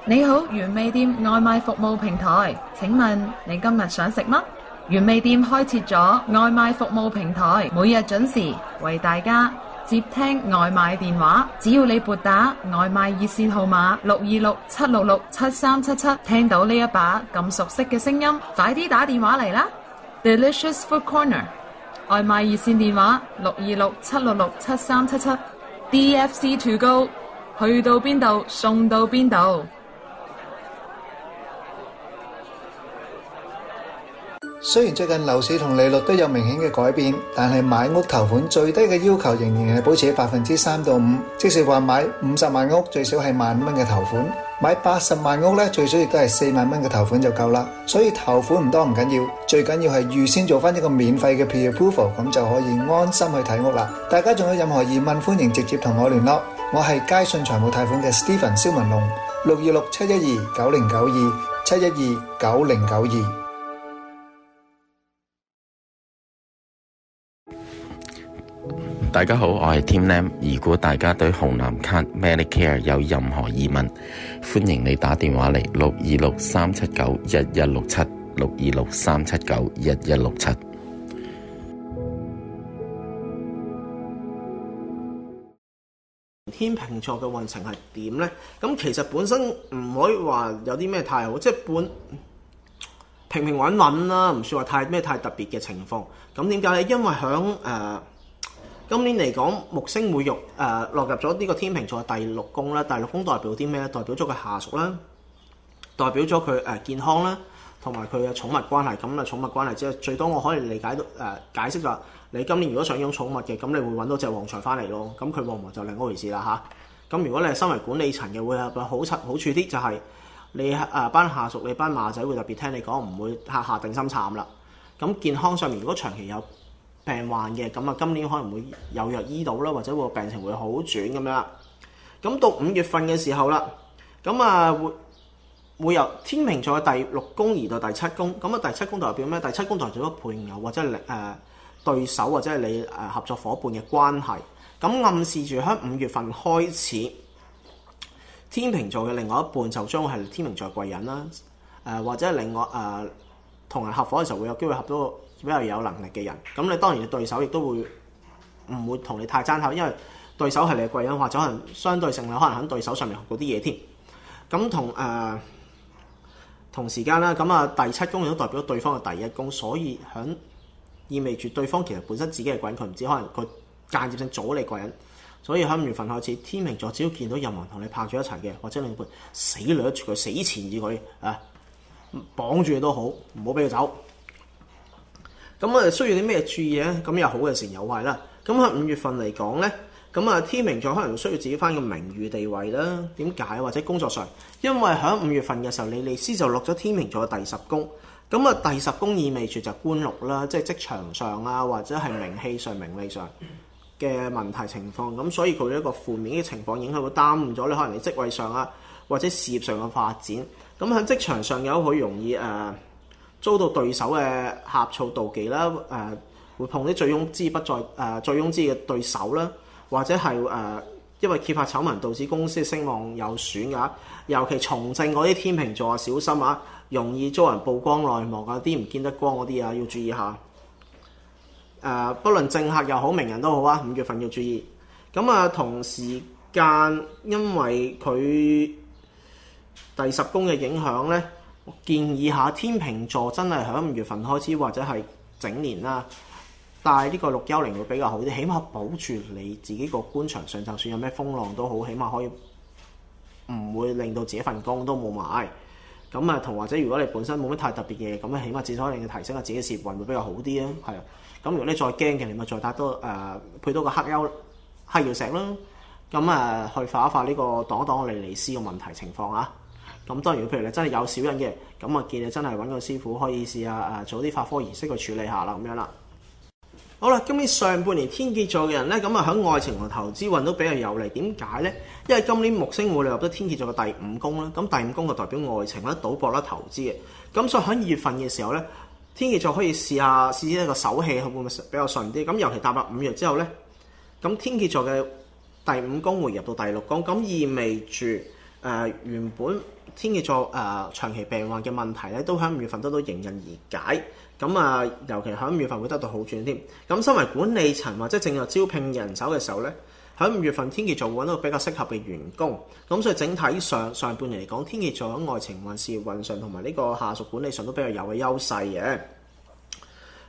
你好，原味店外賣服務平台，請問你今日想食乜？原味店開設咗外賣服務平台，每日準時為大家接聽外賣電話。只要你撥打外賣熱線號碼六二六七六六七三七七，7 7, 聽到呢一把咁熟悉嘅聲音，快啲打電話嚟啦！Delicious Food Corner 外賣熱線電話六二六七六六七三七七，DFC to go，7 7, to go, 去到邊度送到邊度。。雖然最近樓市同利率都有明顯嘅改變，但係買屋頭款最低嘅要求仍然係保持喺百分之三到五，即是話買五十萬屋最少係萬五蚊嘅頭款。買八十萬屋咧，最少亦都係四萬蚊嘅頭款就夠啦。所以頭款唔多唔緊要，最緊要係預先做翻一個免費嘅 pre approval，咁就可以安心去睇屋啦。大家仲有任何疑問，歡迎直接同我聯絡。我係佳信財務貸款嘅 Steven 蕭文龍，六二六七一二九零九二七一二九零九二。大家好，我係 Tim Lam。如果大家對紅藍卡 Medicare 有任何疑問，歡迎你打電話嚟，六二六三七九一一六七六二六三七九一一六七。67，天秤座嘅運程係點呢？咁其實本身唔可以話有啲咩太好，即、就、係、是、平平穩穩啦，唔算話太咩太特別嘅情況。咁點解咧？因為響今年嚟講，木星會用誒落入咗呢個天秤座第六宮啦。第六宮代表啲咩咧？代表咗佢下屬啦，代表咗佢誒健康啦，同埋佢嘅寵物關係。咁啊，寵物關係即係最多我可以理解到誒、呃、解釋就係你今年如果想養寵物嘅，咁你會揾到隻旺財翻嚟咯。咁佢旺唔旺就另一回事啦嚇。咁、啊、如果你係身為管理層嘅，會有好好處啲就係、是、你誒班下屬、你班馬仔會特別聽你講，唔會下下定心慘啦。咁健康上面如果長期有病患嘅咁啊，今年可能會有藥醫到啦，或者個病情會好轉咁樣啦。咁到五月份嘅時候啦，咁啊會會由天秤座嘅第六宮移到第七宮。咁啊，第七宮代表咩？第七宮代表咗配偶或者係誒、呃、對手或者係你誒、呃、合作伙伴嘅關係。咁、嗯、暗示住喺五月份開始，天秤座嘅另外一半就將會係天秤座貴人啦。誒、呃、或者係另外誒同、呃、人合伙嘅時候會有機會合到。比較有能力嘅人，咁你當然嘅對手亦都會唔會同你太爭口，因為對手係你嘅貴人，或者可能相對性你可能喺對手上面學到啲嘢添。咁同誒、呃、同時間啦，咁啊第七宮亦都代表對方嘅第一宮，所以響意味住對方其實本身自己係貴人，佢唔知可能佢間接性阻你貴人，所以喺五月份開始天秤座只要見到任何人同你拍住一齊嘅或者另一半，死掠住佢，死纏住佢啊，綁住佢都好，唔好俾佢走。咁啊，需要啲咩注意咧？咁有好嘅事，有壞啦。咁喺五月份嚟講咧，咁啊天秤座可能需要自己翻個名譽地位啦。點解？或者工作上，因為喺五月份嘅時候，莉莉斯就落咗天秤座嘅第十宮。咁啊，第十宮意味住就官祿啦，即係職場上啊，或者係名氣上、名利上嘅問題情況。咁所以佢一個負面嘅情況，影響會耽誤咗你可能你職位上啊，或者事業上嘅發展。咁喺職場上有好容易誒。呃遭到對手嘅呷醋妒忌啦，誒、呃、會碰啲醉翁之意不在誒醉翁之嘅對手啦，或者係誒、呃、因為揭發醜聞導致公司聲望有損㗎。尤其從政嗰啲天秤座小心啊，容易遭人曝光內幕啊，啲唔見得光嗰啲啊，要注意下。誒、呃，不論政客又好，名人都好啊，五月份要注意。咁啊，同時間因為佢第十宮嘅影響咧。建議下天秤座真係喺五月份開始或者係整年啦，但帶呢個綠幽靈會比較好啲，起碼保住你自己個官場上，就算有咩風浪都好，起碼可以唔會令到自己份工都冇埋。咁啊，同或者如果你本身冇乜太特別嘢，咁啊起碼至少可你提升下自己嘅事業運會比較好啲啊。係啊，咁如果你再驚嘅，你咪再帶多誒、呃、配多個黑幽黑曜石啦。咁啊、呃，去化一化呢、這個擋一擋你利斯嘅問題情況啊。咁當然，譬如你真係有小人嘅，咁啊建議你真係揾個師傅可以試下誒、啊、做啲法科儀式去處理下啦，咁樣啦。好啦，今年上半年天蝎座嘅人呢，咁啊喺愛情同投資運都比較有利，點解呢？因為今年木星會落入咗天蠍座嘅第五宮啦，咁第五宮就代表愛情啦、賭博啦、投資嘅，咁所以喺二月份嘅時候呢，天蠍座可以試下試呢個手氣會唔會比較順啲？咁尤其踏入五月之後呢，咁天蠍座嘅第五宮會入到第六宮，咁意味住。誒、呃、原本天蠍座誒、呃、長期病患嘅問題咧，都喺五月份得到迎刃而解。咁、呃、啊，尤其喺五月份會得到好轉添。咁、呃、身為管理層或者正在招聘人手嘅時候咧，喺五月份天蠍座會揾到比較適合嘅員工。咁、呃、所以整體上上半年嚟講，天蠍座喺愛情運、事業運上同埋呢個下屬管理上都比較有嘅優勢嘅。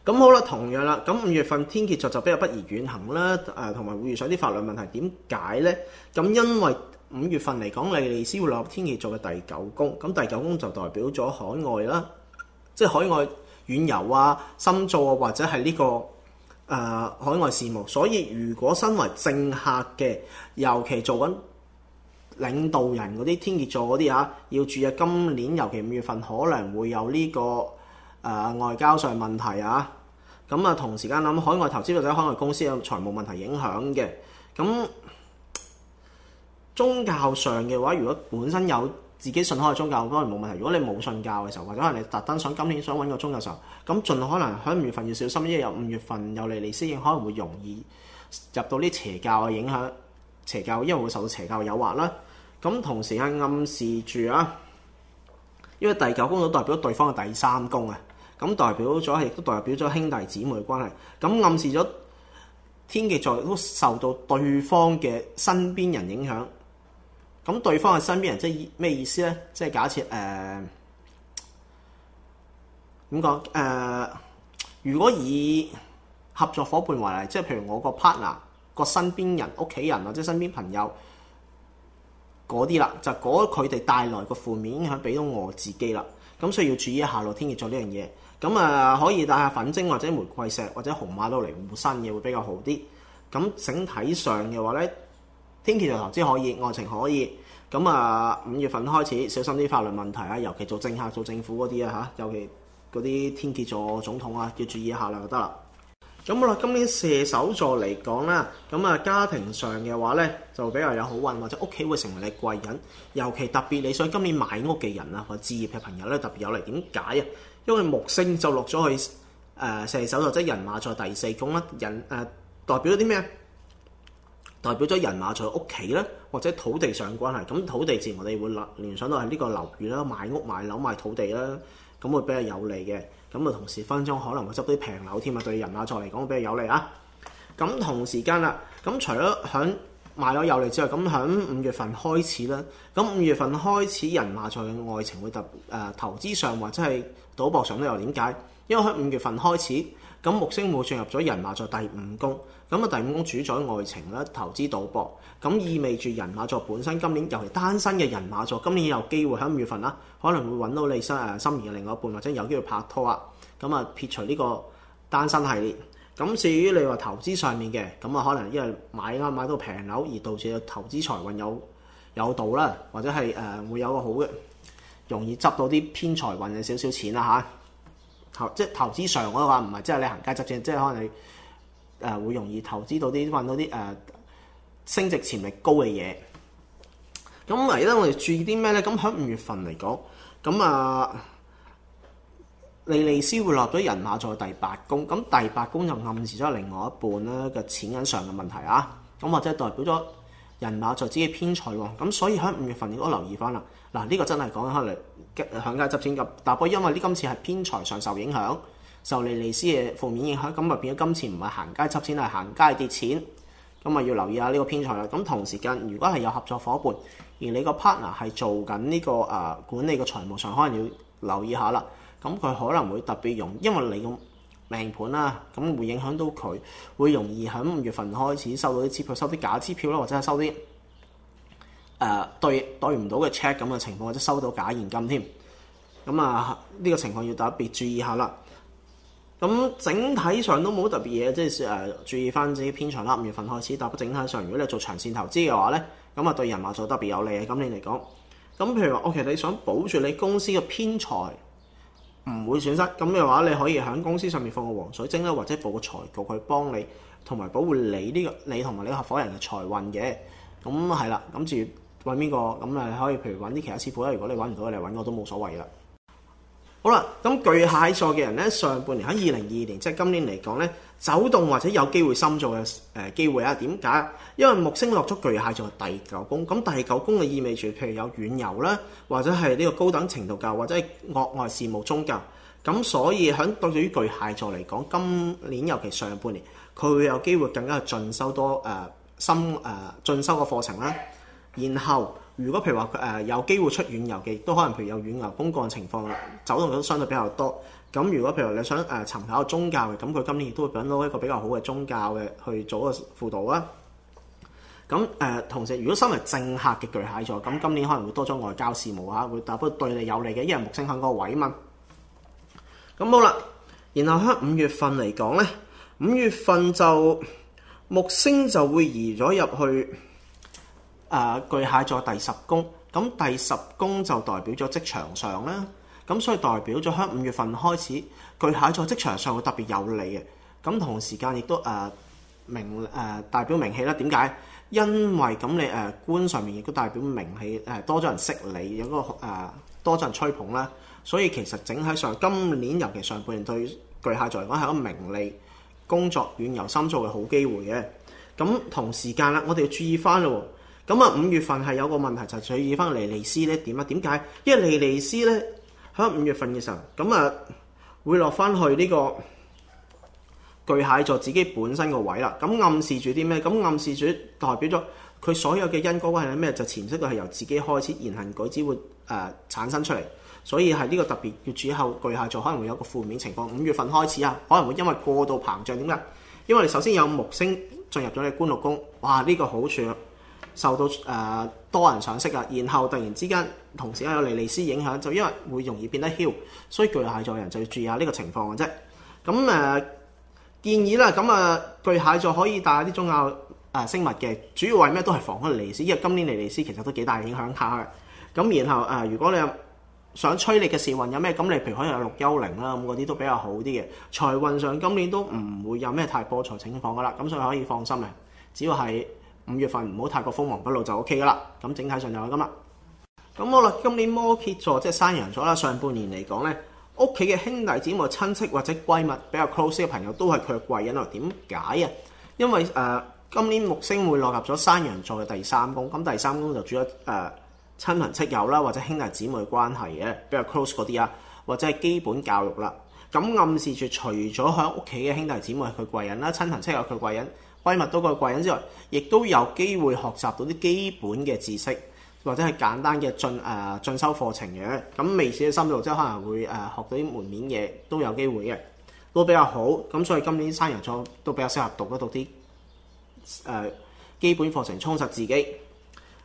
咁、呃、好啦，同樣啦，咁五月份天蠍座就比較不宜遠行啦。誒、呃，同埋會遇上啲法律問題，點解咧？咁因為五月份嚟講，你哋先會落入天蠍座嘅第九宮，咁第九宮就代表咗海外啦，即係海外遠遊啊、深造啊，或者係呢、這個誒、呃、海外事務。所以如果身為政客嘅，尤其做緊領導人嗰啲天蠍座嗰啲啊，要注意今年尤其五月份可能會有呢、這個誒、呃、外交上問題啊。咁啊，同時間諗海外投資或者海外公司有財務問題影響嘅，咁。宗教上嘅話，如果本身有自己信開嘅宗教，當然冇問題。如果你冇信教嘅時候，或者可能你特登想今天想揾個宗教嘅時候，咁盡可能喺五月份要小心，因為有五月份又嚟尼斯影可能會容易入到啲邪教嘅影響。邪教因為會受到邪教誘惑啦。咁同時咧暗示住啊，因為第九宮都代表對方嘅第三宮啊，咁代表咗亦都代表咗兄弟姊妹關係。咁暗示咗天蠍座都受到對方嘅身邊人影響。咁對方嘅身邊人即係咩意思咧？即係假設誒點講誒？如果以合作伙伴為例，即係譬如我個 partner 個身邊人、屋企人或者身邊朋友嗰啲啦，就嗰佢哋帶來個負面影響俾到我自己啦。咁所以要注意一下囉，天蠍座呢樣嘢。咁啊、呃，可以戴下粉晶或者玫瑰石或者紅瑪瑙嚟護身嘅會比較好啲。咁整體上嘅話咧。天蠍座投資可以，愛情可以。咁啊，五月份開始小心啲法律問題啊，尤其做政客、做政府嗰啲啊嚇，尤其嗰啲天蠍座總統啊，要注意一下啦就得啦。咁好啦，今年射手座嚟講啦，咁啊家庭上嘅話咧，就比較有好運，或者屋企會成為你貴人。尤其特別你想今年買屋嘅人啊，或者置業嘅朋友咧，特別有嚟點解啊？因為木星就落咗去誒射手座，即係人馬座第四宮啦，人誒、呃、代表咗啲咩？代表咗人馬在屋企咧，或者土地上嘅關係。咁土地自然我哋會諗聯想到係呢個樓宇啦，買屋買樓買土地啦，咁會比較有利嘅。咁啊，同時分鐘可能會執啲平樓添啊，對人馬座嚟講會比較有利啊。咁同時間啦，咁除咗響買樓有利之外，咁響五月份開始啦。咁五月份開始人馬座嘅愛情會特誒投資上或者係賭博上都有。點解？因為喺五月份開始，咁、呃、木星會進入咗人馬座第五宮。咁啊，第五宮主宰愛情啦，投資賭博，咁意味住人馬座本身今年尤其單身嘅人馬座，今年有機會喺五月份啦，可能會揾到你心誒心儀嘅另外一半，或者有機會拍拖啊。咁啊，撇除呢個單身系列，咁至於你話投資上面嘅，咁啊可能因為買啱買到平樓，而導致投資財運有有到啦，或者係誒、呃、會有個好嘅，容易執到啲偏財運嘅少少錢啦嚇、啊。投即係投資上嘅話，唔係即係你行街執正，即係可能你。誒會容易投資到啲揾到啲誒、呃、升值潛力高嘅嘢，咁嚟咧我哋注意啲咩咧？咁喺五月份嚟講，咁啊利利斯會落咗人馬座第八宮，咁第八宮就暗示咗另外一半咧嘅錢銀上嘅問題啊，咁或者代表咗人馬座自己偏財喎，咁所以喺五月份應該留意翻啦。嗱、這、呢個真係講緊香嚟嘅響街執錢入，但不過因為呢，今次係偏財上受影響。受你利，利斯嘅負面影響，咁咪變咗金錢唔係行街執錢，係行街跌錢。咁啊要留意下呢個偏財啦。咁同時間，如果係有合作伙伴，而你 part、呢個 partner 係做緊呢個誒管理嘅財務上，可能要留意下啦。咁佢可能會特別容易，因為你嘅命盤啦，咁會影響到佢，會容易響五月份開始收到啲支票，收啲假支票啦，或者係收啲誒兌兌唔到嘅 check 咁嘅情況，或者收到假現金添。咁啊，呢個情況要特別注意下啦。咁整體上都冇特別嘢，即係誒、呃、注意翻自己偏財啦。五月份開始，但整體上如果你做長線投資嘅話咧，咁啊對人馬座特別有利嘅。咁你嚟講，咁譬如話，OK，你想保住你公司嘅偏財唔會損失，咁嘅、嗯、話你可以喺公司上面放個黃水晶啦，或者報個財局去幫你，同埋保護你呢、這個你同埋你合伙人嘅財運嘅。咁係啦，咁至於揾邊個？咁啊可以，譬如揾啲其他師傅啦。如果你揾唔到你揾我都冇所謂啦。好啦，咁巨蟹座嘅人咧，上半年喺二零二二年，即係今年嚟講咧，走動或者有機會深造嘅誒機會啊？點解？因為木星落咗巨蟹座第九宮，咁第九宮嘅意味住，譬如有遠遊啦，或者係呢個高等程度教，或者係額外事務宗教。咁所以喺對於巨蟹座嚟講，今年尤其上半年，佢會有機會更加去進修多誒深誒進修嘅課程啦。然後。如果譬如話佢有機會出遠遊嘅，亦都可能譬如有遠遊公幹情況，走動都相對比較多。咁如果譬如你想誒尋找宗教嘅，咁佢今年亦都會揾到一個比較好嘅宗教嘅去做個輔導啦。咁誒、呃，同時如果身為政客嘅巨蟹座，咁今年可能會多咗外交事務啊，會但不過對你有利嘅，因為木星向嗰個位嘛。咁好啦，然後喺五月份嚟講咧，五月份就木星就會移咗入去。誒巨蟹座第十宮，咁第十宮就代表咗職場上啦。咁所以代表咗喺五月份開始，巨蟹座職場上會特別有利嘅。咁同時間亦都誒、呃、名誒、呃、代表名氣啦。點解？因為咁你誒、呃、官上面亦都代表名氣誒，多咗人識你，有嗰個多咗人吹捧啦。所以其實整體上今年尤其上半年對巨蟹座嚟講係一個名利、工作、遠遊、深造嘅好機會嘅。咁同時間啦，我哋要注意翻咯。咁啊，五月份係有個問題，就取意翻尼尼斯呢點啊？點解？因為尼尼斯咧，喺五月份嘅時候，咁啊會落翻去呢個巨蟹座自己本身個位啦。咁暗示住啲咩？咁暗示住代表咗佢所有嘅因果關係係咩？就潛識佢係由自己開始言行舉止，會誒、呃、產生出嚟。所以係呢個特別月之後，巨蟹座可能會有個負面情況。五月份開始啊，可能會因為過度膨脹。點解？因為首先有木星進入咗你官祿宮，哇！呢、呢個好處。受到誒、呃、多人賞識啊，然後突然之間同時有利利斯影響，就因為會容易變得囂，所以巨蟹座人就要注意下呢個情況嘅啫。咁、嗯、誒、呃、建議咧，咁、嗯、誒巨蟹座可以帶啲宗教誒飾物嘅，主要為咩都係防開利利斯，因為今年利利斯其實都幾大影響下嘅。咁然後誒、呃，如果你想催你嘅時運有咩，咁你譬如可能有六幽靈啦，咁嗰啲都比較好啲嘅。財運上今年都唔會有咩太波財情況噶啦，咁所以可以放心嘅，只要係。五月份唔好太過鋒芒不露就 O K 噶啦，咁整體上就係咁啦。咁好啦，今年摩羯座即係山羊座啦，上半年嚟講咧，屋企嘅兄弟姊妹、親戚或者閨蜜比較 close 嘅朋友都係佢嘅貴人啊。點解啊？因為誒、呃、今年木星會落入咗山羊座嘅第三宮，咁第三宮就主咗誒親朋戚友啦，或者兄弟姊妹關係嘅比較 close 嗰啲啊，或者係基本教育啦。咁暗示住除咗喺屋企嘅兄弟姊妹係佢貴人啦，親朋戚友佢貴人。開物到個貴人之外，亦都有機會學習到啲基本嘅知識，或者係簡單嘅進誒、呃、進修課程嘅。咁未死嘅心度之後，即係可能會誒學到啲門面嘢都有機會嘅，都比較好。咁所以今年啲山羊座都比較適合讀一讀啲誒、呃、基本課程，充實自己。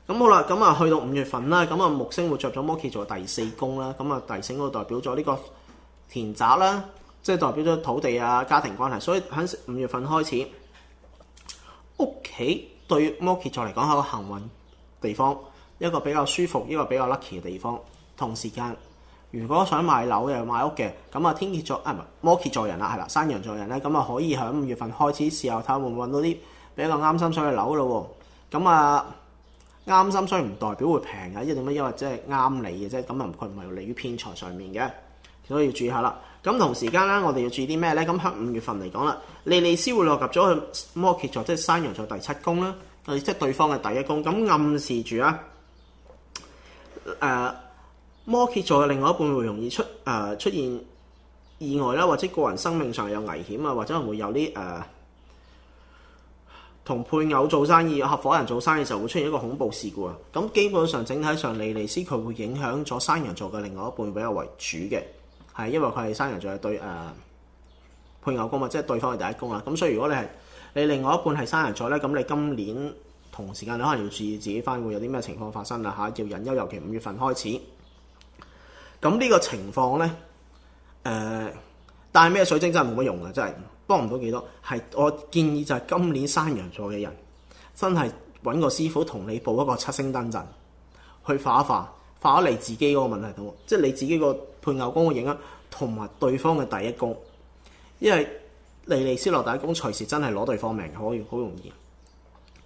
咁好啦，咁啊去到五月份啦，咁啊木星會着咗摩羯座第四宮啦，咁啊第四宮代表咗呢個田宅啦，即係代表咗土地啊、家庭關係。所以喺五月份開始。屋企對摩羯座嚟講係個幸運地方，一個比較舒服，一個比較 lucky 嘅地方。同時間，如果想買樓又買屋嘅，咁啊天蠍座啊唔係摩羯座人啦，係啦，山羊座人咧，咁啊可以喺五月份開始試下睇下會唔會揾到啲比較啱心水嘅樓咯喎。咁啊啱心水唔代表會平呀，因為點解？因為即係啱你嘅啫，咁啊佢唔係嚟於偏財上面嘅，所以要注意下啦。咁同時間啦，我哋要注意啲咩咧？咁喺五月份嚟講啦，利利斯會落及咗去摩羯座，即係山羊座第七宮啦，即係對方嘅第一宮。咁暗示住啊，誒、呃、摩羯座嘅另外一半會容易出誒、呃、出現意外啦，或者個人生命上有危險啊，或者會有啲誒同配偶做生意、合伙人做生意時候會出現一個恐怖事故啊。咁基本上整體上，利利斯佢會影響咗山羊座嘅另外一半比較為主嘅。係，因為佢係山羊座對誒、呃、配偶宮嘛，即係對方係第一宮啊。咁所以如果你係你另外一半係山羊座咧，咁你今年同時間你可能要注意自己翻，會有啲咩情況發生啦嚇、呃。叫忍休，尤其五月份開始。咁呢個情況咧，誒戴咩水晶真係冇乜用嘅，真係幫唔到幾多。係，我建議就係今年山羊座嘅人，真係揾個師傅同你佈一個七星燈陣去化一化，把咗嚟自己嗰個問題度，即係你自己個配偶宮嘅影響，同埋對方嘅第一宮，因為尼尼斯落第一宮隨時真係攞對方命，好易好容易，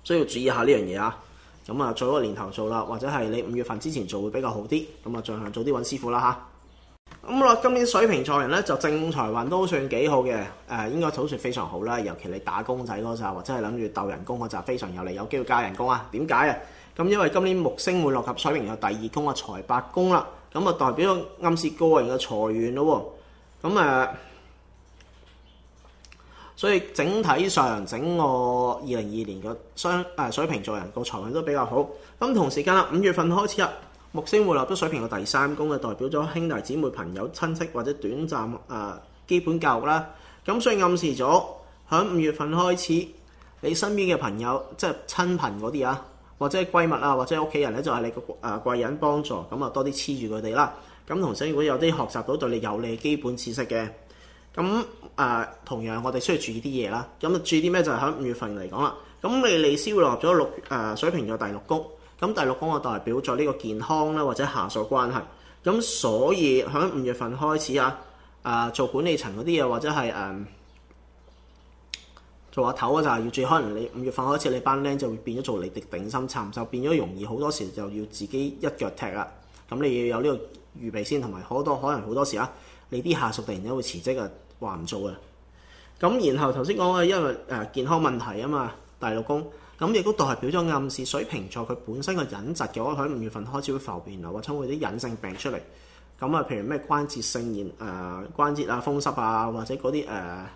需要注意下呢樣嘢啊。咁啊，做嗰個年頭做啦，或者係你五月份之前做會比較好啲。咁啊，儘量早啲揾師傅啦吓，咁、啊、啦，今年水瓶座人咧就正財運都算幾好嘅，誒、呃、應該都算非常好啦。尤其你打工仔嗰陣，或者係諗住鬥人工嗰陣，非常有利，有機會加人工啊。點解啊？咁因為今年木星會落及水瓶有第二宮啊，財八宮啦，咁啊，代表暗示個人嘅財源咯。咁誒，所以整體上整個二零二二年嘅雙誒水瓶座人個財運都比較好。咁同時間啦，五月份開始啊，木星會落喺水瓶嘅第三宮嘅，代表咗兄弟姊妹、朋友、親戚或者短暫誒、呃、基本教育啦。咁所以暗示咗響五月份開始，你身邊嘅朋友即係親朋嗰啲啊。或者係閨蜜啊，或者屋企人咧，就係、是、你個誒貴人幫助，咁啊多啲黐住佢哋啦。咁同時如果有啲學習到對你有利嘅基本知識嘅，咁誒、呃、同樣我哋需要注意啲嘢啦。咁注意啲咩就係喺五月份嚟講啦。咁你利先會落咗六誒、呃、水瓶座第六宮。咁第六宮嘅代表咗呢個健康咧，或者下屬關係。咁所以喺五月份開始啊，誒、呃、做管理層嗰啲嘢，或者係誒。呃佢話唞啊，就係要注意。可能你五月份開始，你班僆就會變咗做你啲頂心杉，就變咗容易好多時就要自己一腳踢啊。咁你要有呢個預備先，同埋好多可能好多時啊，你啲下屬突然間會辭職啊，話唔做啊。咁然後頭先講嘅，因為誒、呃、健康問題啊嘛，第六宮咁亦都代表咗暗示水瓶座佢本身個隱疾嘅話，佢喺五月份開始會浮現啊，或者會有啲隱性病出嚟。咁啊，譬如咩關節性炎誒、呃、關節啊、風濕啊，或者嗰啲誒。呃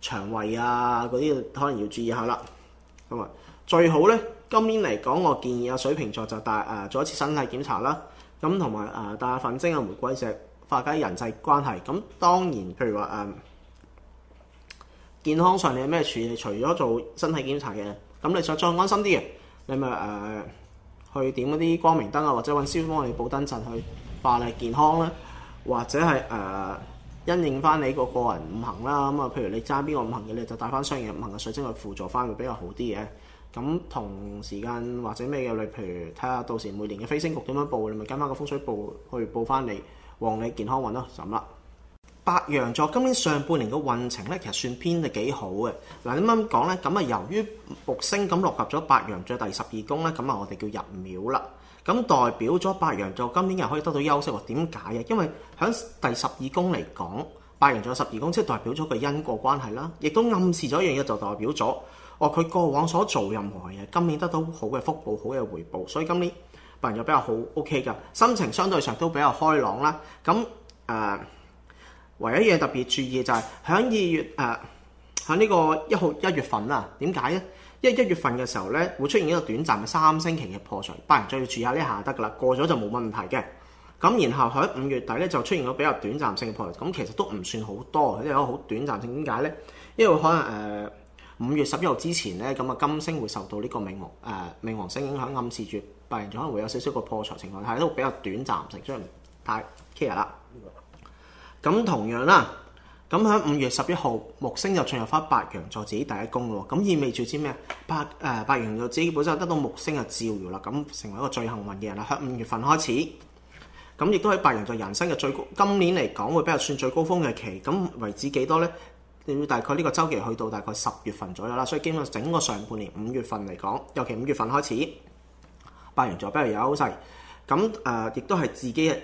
腸胃啊嗰啲可能要注意下啦，咁啊最好咧今年嚟講，我建議啊水瓶座就帶誒、呃、做一次身體檢查啦，咁同埋誒帶下粉晶啊玫瑰石化解人際關係。咁當然，譬如話誒、呃、健康上你有咩處理？除咗做身體檢查嘅，咁你再再安心啲嘅，你咪誒、呃、去點嗰啲光明燈啊，或者揾師傅幫你補燈陣去化下健康咧、啊，或者係誒。呃因應翻你個個人五行啦，咁啊，譬如你爭邊個五行嘅，你就帶翻相應五行嘅水晶去輔助翻，會比較好啲嘅。咁同時間或者咩嘅，你譬如睇下到時每年嘅飛星局點樣報，你咪跟翻個風水報去報翻你，旺你健康運咯，就咁啦。白羊座今年上半年嘅運程咧，其實算偏得幾好嘅。嗱點樣講咧？咁啊，由於木星咁落入咗白羊座第十二宮咧，咁啊，我哋叫入廟啦。咁代表咗白羊座今年又可以得到休息喎？點解嘅？因為喺第十二宮嚟講，白羊座十二宮即係代表咗個因果關係啦，亦都暗示咗一樣嘢，就代表咗哦佢過往所做任何嘢，今年得到好嘅福報、好嘅回報，所以今年白羊比較好 OK 嘅，心情相對上都比較開朗啦。咁誒、呃，唯一嘢特別注意就係、是、喺二月誒喺呢個一號一月份啊？點解咧？因為一月份嘅時候咧，會出現一個短暫嘅三星期嘅破財，大人仲要注意下呢下得噶啦，過咗就冇乜問題嘅。咁然後喺五月底咧就出現咗比較短暫性嘅破財，咁其實都唔算好多，因為有好短暫性，點解咧？因為可能誒五月十一號之前咧，咁啊金星會受到呢個冥王誒冥王星影響，暗示住大人仲可能會有少少個破財情況，但係都比較短暫性，所以唔太 care 啦。咁同樣啦。咁喺五月十一號，木星就進入翻白羊座自己第一宮咯喎，咁意味住啲咩啊？白誒白羊座自己本身得到木星嘅照耀啦，咁成為一個最幸運嘅人啦。喺五月份開始，咁亦都喺白羊座人生嘅最高，今年嚟講會比較算最高峰嘅期。咁為止幾多咧？要大概呢個周期去到大概十月份左右啦。所以基本上整個上半年五月份嚟講，尤其五月份開始，白羊座比較有優勢。咁誒，亦、呃、都係自己誒。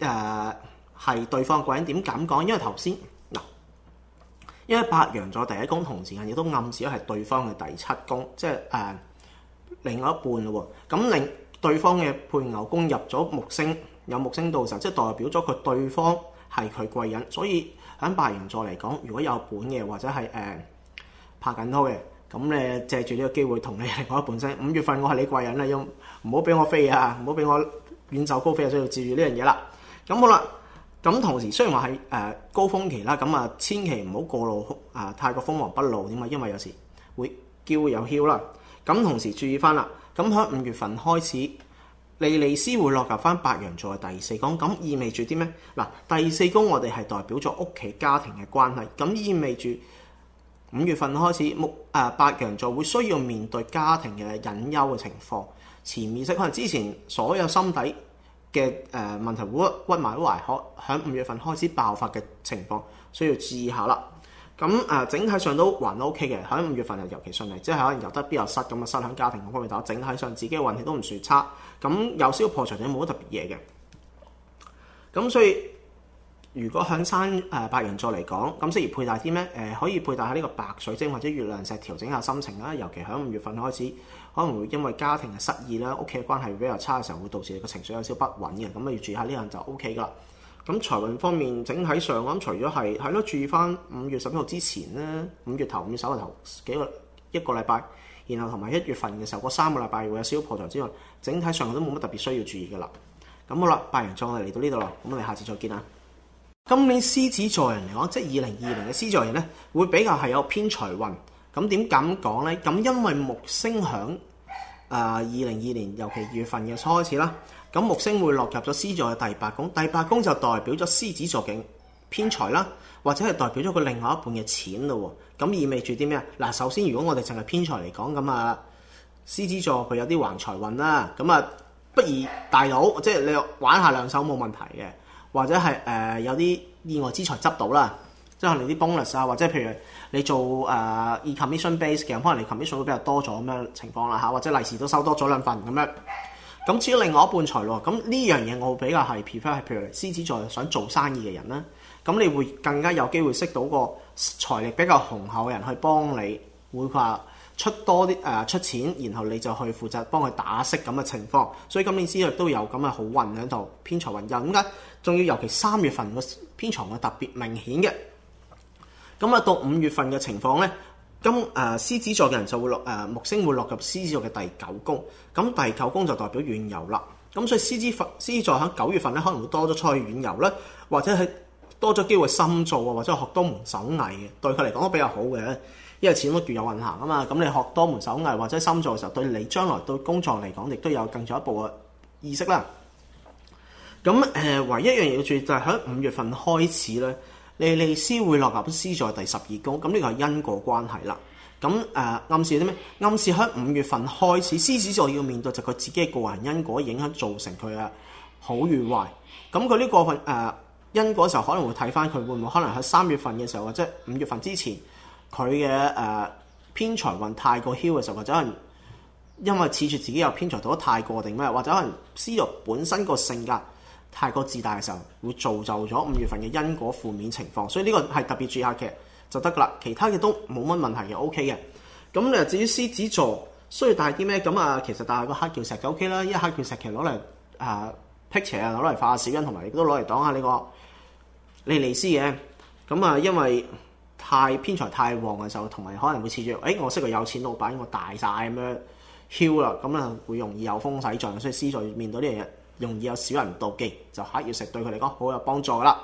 呃係對方貴人點敢講？因為頭先嗱，因為白羊座第一宮同時間亦都暗示咗係對方嘅第七宮，即係誒、呃、另外一半咯喎。咁令對方嘅配偶宮入咗木星，有木星到時候，即係代表咗佢對方係佢貴人。所以喺白羊座嚟講，如果有本嘅或者係誒、呃、拍緊拖嘅，咁你借住呢個機會同你另外一半先。五月份我係你貴人啦，要唔好俾我飛啊，唔好俾我遠走高飛啊，需要注意呢樣嘢啦。咁好啦。咁同時雖然話係誒高峰期啦，咁啊千祈唔好過路啊、呃，太過瘋狂不露點啊，因為有時會叫有囂啦。咁同時注意翻啦，咁喺五月份開始，尼尼斯會落及翻白羊座嘅第四宮，咁意味住啲咩？嗱，第四宮我哋係代表咗屋企家庭嘅關係，咁意味住五月份開始木誒白羊座會需要面對家庭嘅隱憂嘅情況，前面即可能之前所有心底嘅誒問題屈屈埋一懷，開喺五月份開始爆發嘅情況，需要注意下啦。咁誒，整體上都還 OK 嘅，喺五月份又尤其順利，即係可能有得必有失咁啊，失響家庭嗰方面，但係整體上自己嘅運氣都唔算差。咁有少少破財，就冇乜特別嘢嘅。咁所以，如果響山誒白羊座嚟講，咁適宜佩戴啲咩？誒、呃、可以佩戴下呢個白水晶或者月亮石，調整下心情啦。尤其喺五月份開始。可能會因為家庭嘅失意啦，屋企嘅關係比較差嘅時候，會導致你個情緒有少少不穩嘅，咁啊要注意下呢樣就 O K 噶啦。咁財運方面整體上咁，除咗係係咯，注意翻五月十一號之前咧，五月頭五月嘅首頭幾個一個禮拜，然後同埋一月份嘅時候，嗰三個禮拜會有少少破財之外，整體上都冇乜特別需要注意嘅啦。咁好啦，白羊座嚟到呢度啦，咁我哋下次再見啊。今年獅子座人嚟講，即係二零二零嘅獅子座人咧，會比較係有偏財運。咁點咁講咧？咁因為木星響。啊！二零二二年尤其二月份嘅初開始啦，咁木星會落入咗獅座嘅第八宮，第八宮就代表咗獅子座嘅偏財啦，或者係代表咗佢另外一半嘅錢咯喎。咁意味住啲咩啊？嗱，首先如果我哋淨係偏財嚟講，咁啊獅子座佢有啲橫財運啦，咁啊不如大賭，即係你玩下兩手冇問題嘅，或者係誒、呃、有啲意外之財執到啦，即係可能啲 bonus 啊，或者譬如。你做 e commission base 嘅可能你 commission 會比較多咗，咁樣情況啦嚇，或者利是都收多咗兩份咁樣。咁至於另外一半財路，咁呢樣嘢我會比較係 prefer 係譬如獅子座想做生意嘅人啦。咁你會更加有機會識到個財力比較雄厚嘅人去幫你，會話出多啲誒出錢，然後你就去負責幫佢打骰咁嘅情況。所以今年之類都有咁嘅好運喺度，偏財運又點呢？仲要尤其三月份個偏財係特別明顯嘅。咁啊，到五月份嘅情況咧，咁，誒獅子座嘅人就會落誒木星會落入獅子座嘅第九宮，咁第九宮就代表遠遊啦。咁所以獅子獅子座喺九月份咧，可能會多咗出去遠遊啦，或者係多咗機會深造啊，或者學多門手藝嘅，對佢嚟講都比較好嘅，因為始終都有運行啊嘛。咁你學多門手藝或者深造嘅時候，對你將來對工作嚟講，亦都有更進一步嘅意識啦。咁、嗯、誒，唯一一樣嘢要注意就係喺五月份開始咧。利利斯會落入獅座第十二宮，咁呢個係因果關係啦。咁誒暗示啲咩？暗示喺五月份開始，獅子座要面對就佢自己嘅個人因果影響造成佢嘅好與壞。咁佢呢個份誒、呃、因果嘅時候，可能會睇返佢會唔會可能喺三月份嘅時候，或者五月份之前，佢嘅誒偏財運太過囂嘅時候，或者可能因為恃住自己有偏財到得太過定咩，或者可能獅座本身個性格。太過自大嘅時候，會造就咗五月份嘅因果負面情況，所以呢個係特別注意下嘅就得噶啦。其他嘅都冇乜問題嘅，O K 嘅。咁、OK、誒至於獅子座需要帶啲咩？咁啊，其實帶個黑曜石就 O、OK、K 啦。呢黑曜石其實攞嚟啊辟邪啊，攞嚟化下小人，同埋亦都攞嚟擋下呢個利尼斯嘅。咁啊，因為太偏財太旺嘅時候，同埋可能會恃住：誒「誒我識個有錢老闆，我大晒咁樣囂啦，咁啊會容易有風使盡，所以獅座面對呢樣嘢。容易有小人妒忌，就嚇要食對，對佢嚟講好有幫助啦。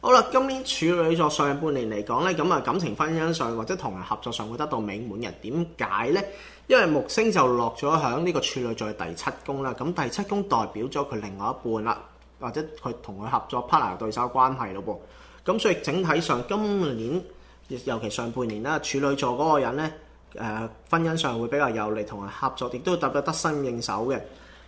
好啦，今年處女座上半年嚟講咧，咁啊感情、婚姻上或者同人合作上會得到美滿人，點解咧？因為木星就落咗喺呢個處女座第七宮啦。咁第七宮代表咗佢另外一半啦，或者佢同佢合作 partner 對手關係咯噃。咁所以整體上今年，尤其上半年啦，處女座嗰個人咧，誒、呃、婚姻上會比較有利，同人合作亦都特別得心應手嘅。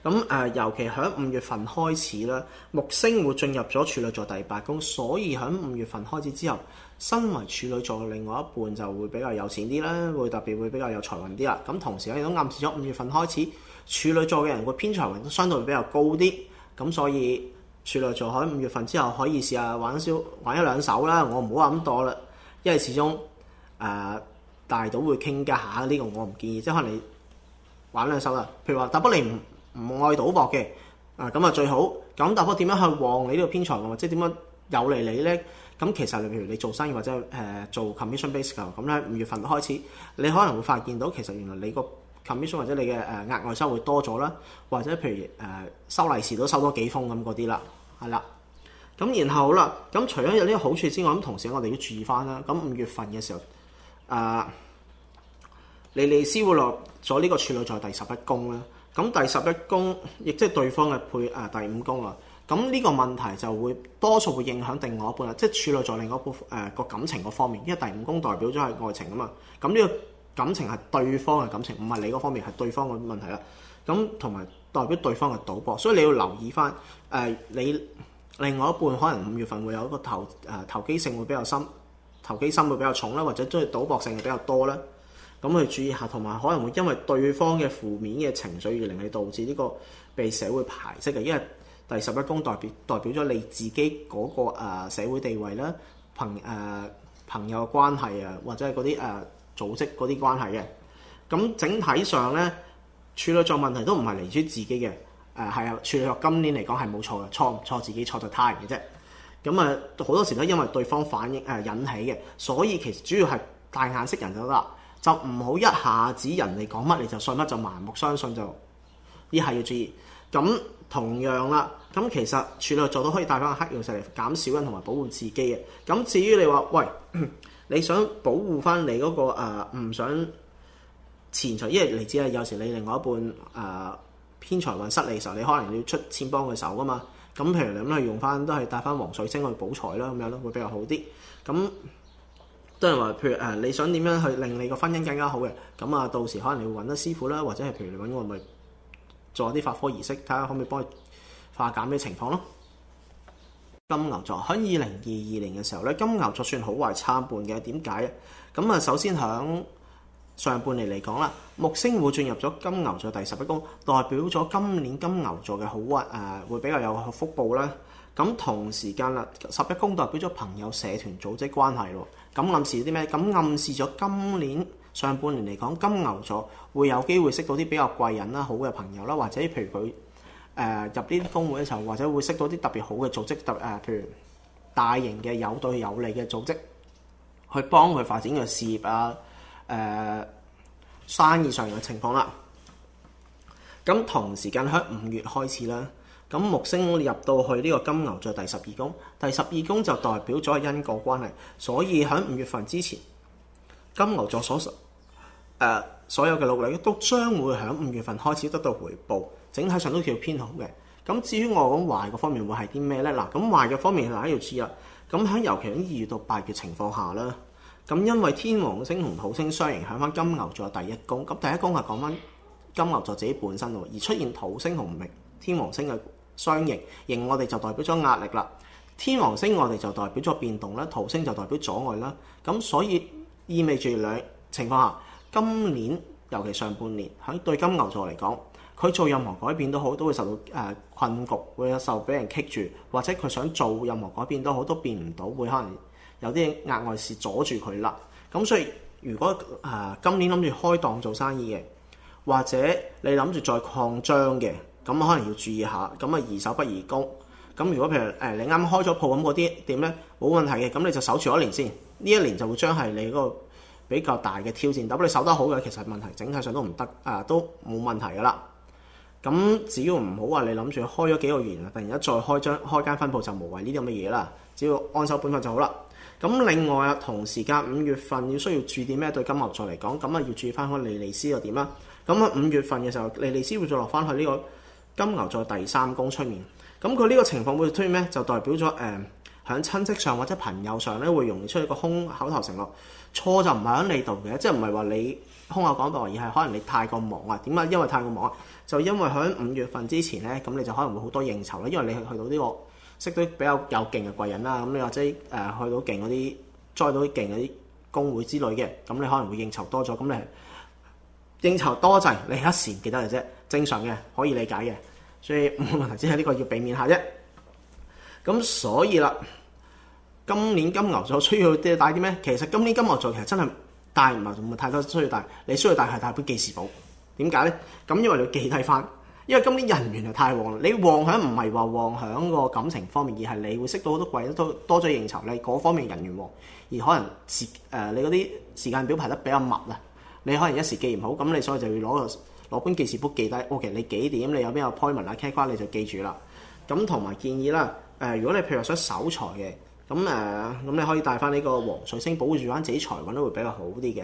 咁誒，尤其響五月份開始咧，木星會進入咗處女座第八宮，所以響五月份開始之後，身為處女座嘅另外一半就會比較有錢啲啦，會特別會比較有財運啲啦。咁同時咧，亦都暗示咗五月份開始處女座嘅人個偏財運都相對比較高啲。咁所以處女座喺五月份之後可以試下玩少玩一兩手啦。我唔好諗咁多啦，因為始終誒、呃、大賭會傾家下呢、呢個我唔建議，即係可能你玩兩手啦。譬如話，但你不你唔～唔愛賭博嘅啊，咁啊最好咁。答係點樣去旺你呢個偏財嘅嘛？即係點樣有利你咧？咁其實例如你做生意或者誒、呃、做 commission base 嘅、呃、咁咧，五月份開始你可能會發現到其實原來你個 commission 或者你嘅誒額外收入會多咗啦，或者譬如誒、呃、收利是都收多幾封咁嗰啲啦，係啦。咁、嗯、然後啦，咁、嗯、除咗有呢個好處之外，咁同時我哋都注意翻啦。咁五月份嘅時候啊，利利斯會落咗呢個處女座第十一宮啦。咁第十一宮，亦即係對方嘅配誒、啊、第五宮啊。咁、這、呢個問題就會多數會影響另外一半啊，即、就、係、是、處女座另外一半誒個、呃、感情個方面，因為第五宮代表咗係愛情啊嘛。咁、嗯、呢、這個感情係對方嘅感情，唔係你嗰方面係對方嘅問題啦。咁同埋代表對方嘅賭博，所以你要留意翻誒、呃、你另外一半可能五月份會有一個投誒、呃、投機性會比較深，投機心會比較重啦，或者中意賭博性會比較多啦。咁去注意下，同埋可能會因為對方嘅負面嘅情緒而令你導致呢個被社會排斥嘅，因為第十一宮代表代表咗你自己嗰個社會地位啦、朋誒朋友關係啊，或者係嗰啲誒組織嗰啲關係嘅。咁整體上咧，處理錯問題都唔係嚟於自己嘅，誒係啊，處理錯今年嚟講係冇錯嘅，錯唔錯自己錯在他人嘅啫。咁啊，好多時都因為對方反應誒引起嘅，所以其實主要係帶眼識人就得喇。就唔好一下子人哋講乜你就信乜，就盲目相信就，呢下要注意。咁同樣啦，咁其實處女座都可以帶翻黑曜石嚟減少一，同埋保護自己嘅。咁至於你話喂，你想保護翻你嗰、那個唔、呃、想錢財，因為你知啊，有時你另外一半誒偏財運失利嘅時候，你可能你要出錢幫佢手噶嘛。咁譬如你都去用翻，都係帶翻黃水晶去補財啦，咁樣咯，會比較好啲。咁。都係話，譬如誒，你想點樣去令你個婚姻更加好嘅？咁啊，到時可能你會揾得師傅啦，或者係譬如你揾我咪做啲法科儀式，睇下可唔可以幫你化解咩情況咯？金牛座喺二零二二年嘅時候呢，金牛座算好壞參半嘅。點解？咁啊，首先響上半年嚟講啦，木星會進入咗金牛座第十一宮，代表咗今年金牛座嘅好運誒、呃，會比較有福報啦。咁同時間啦，十一宮代表咗朋友、社團組織關係咯。咁、嗯、暗示啲咩？咁、嗯、暗示咗今年上半年嚟講，金牛座會有機會識到啲比較貴人啦、好嘅朋友啦，或者譬如佢誒、呃、入呢啲公會嘅時候，或者會識到啲特別好嘅組織，特誒、呃、譬如大型嘅有對有利嘅組織，去幫佢發展嘅事業啊、誒、呃、生意上嘅情況啦。咁、嗯、同時間喺五月開始啦。咁木星入到去呢個金牛座第十二宮，第十二宮就代表咗因果關係，所以喺五月份之前，金牛座所誒、呃、所有嘅努力都將會喺五月份開始得到回報，整體上都叫偏好嘅。咁至於我講壞嘅方面會係啲咩呢？嗱，咁壞嘅方面大家要知啦。咁喺尤其喺二月到八月情況下啦，咁因為天王星同土星相迎喺翻金牛座第一宮，咁第一宮係講翻金牛座自己本身喎，而出現土星同明天王星嘅。雙刑刑我哋就代表咗壓力啦，天王星我哋就代表咗變動啦，土星就代表阻礙啦。咁所以意味住兩情況下，今年尤其上半年喺對金牛座嚟講，佢做任何改變都好，都會受到誒困局，會有受俾人棘住，或者佢想做任何改變都好，都變唔到，會可能有啲額外事阻住佢啦。咁所以如果誒、呃、今年諗住開檔做生意嘅，或者你諗住再擴張嘅。咁可能要注意下，咁啊宜守不宜攻。咁如果譬如誒你啱開咗鋪，咁嗰啲點咧，冇問題嘅。咁你就守住一年先，呢一年就會將係你嗰個比較大嘅挑戰，但係如果你守得好嘅，其實問題整體上都唔得啊、呃，都冇問題噶啦。咁只要唔好話你諗住開咗幾個月，突然間再開張開間分鋪，就無謂呢啲咁嘅嘢啦。只要安守本份就好啦。咁另外啊，同時間五月份要需要注意咩對金牛座嚟講，咁啊要注意翻個利利斯又點啦。咁啊五月份嘅時候，利利斯會再落翻去呢、這個。金牛座第三宮出面，咁佢呢個情況會出現咩？就代表咗誒，喺、呃、親戚上或者朋友上咧，會容易出一個空口頭承諾。錯就唔係喺你度嘅，即係唔係話你空口講道，而係可能你太過忙啊？點解？因為太過忙啊，就因為喺五月份之前咧，咁你就可能會好多應酬啦。因為你去到呢、這個識得比較有勁嘅貴人啦，咁你或者誒去到勁嗰啲 join 到啲勁嗰啲公會之類嘅，咁你可能會應酬多咗，咁你係應酬多滯，你一時唔記得嘅啫。正常嘅，可以理解嘅，所以冇問題。只係呢個要避免下啫。咁所以啦，今年金牛座需要帶啲咩？其實今年金牛座其實真係帶唔係唔係太多需要帶。你需要帶係帶本記事簿。點解咧？咁因為你要記低翻，因為今年人緣就太旺啦。你妄想唔係話妄想個感情方面，而係你會識到好多貴都多咗應酬，你嗰方面人緣旺，而可能時誒、呃、你嗰啲時間表排得比較密啊，你可能一時記唔好，咁你所以就要攞個。攞本記事簿記低，o k 你幾點，你有邊個 point 啊 c a t 你就記住啦。咁同埋建議啦，誒，如果你譬如想守財嘅，咁誒，咁、呃、你可以帶翻呢個黃水星保護住翻自己財運都會比較好啲嘅。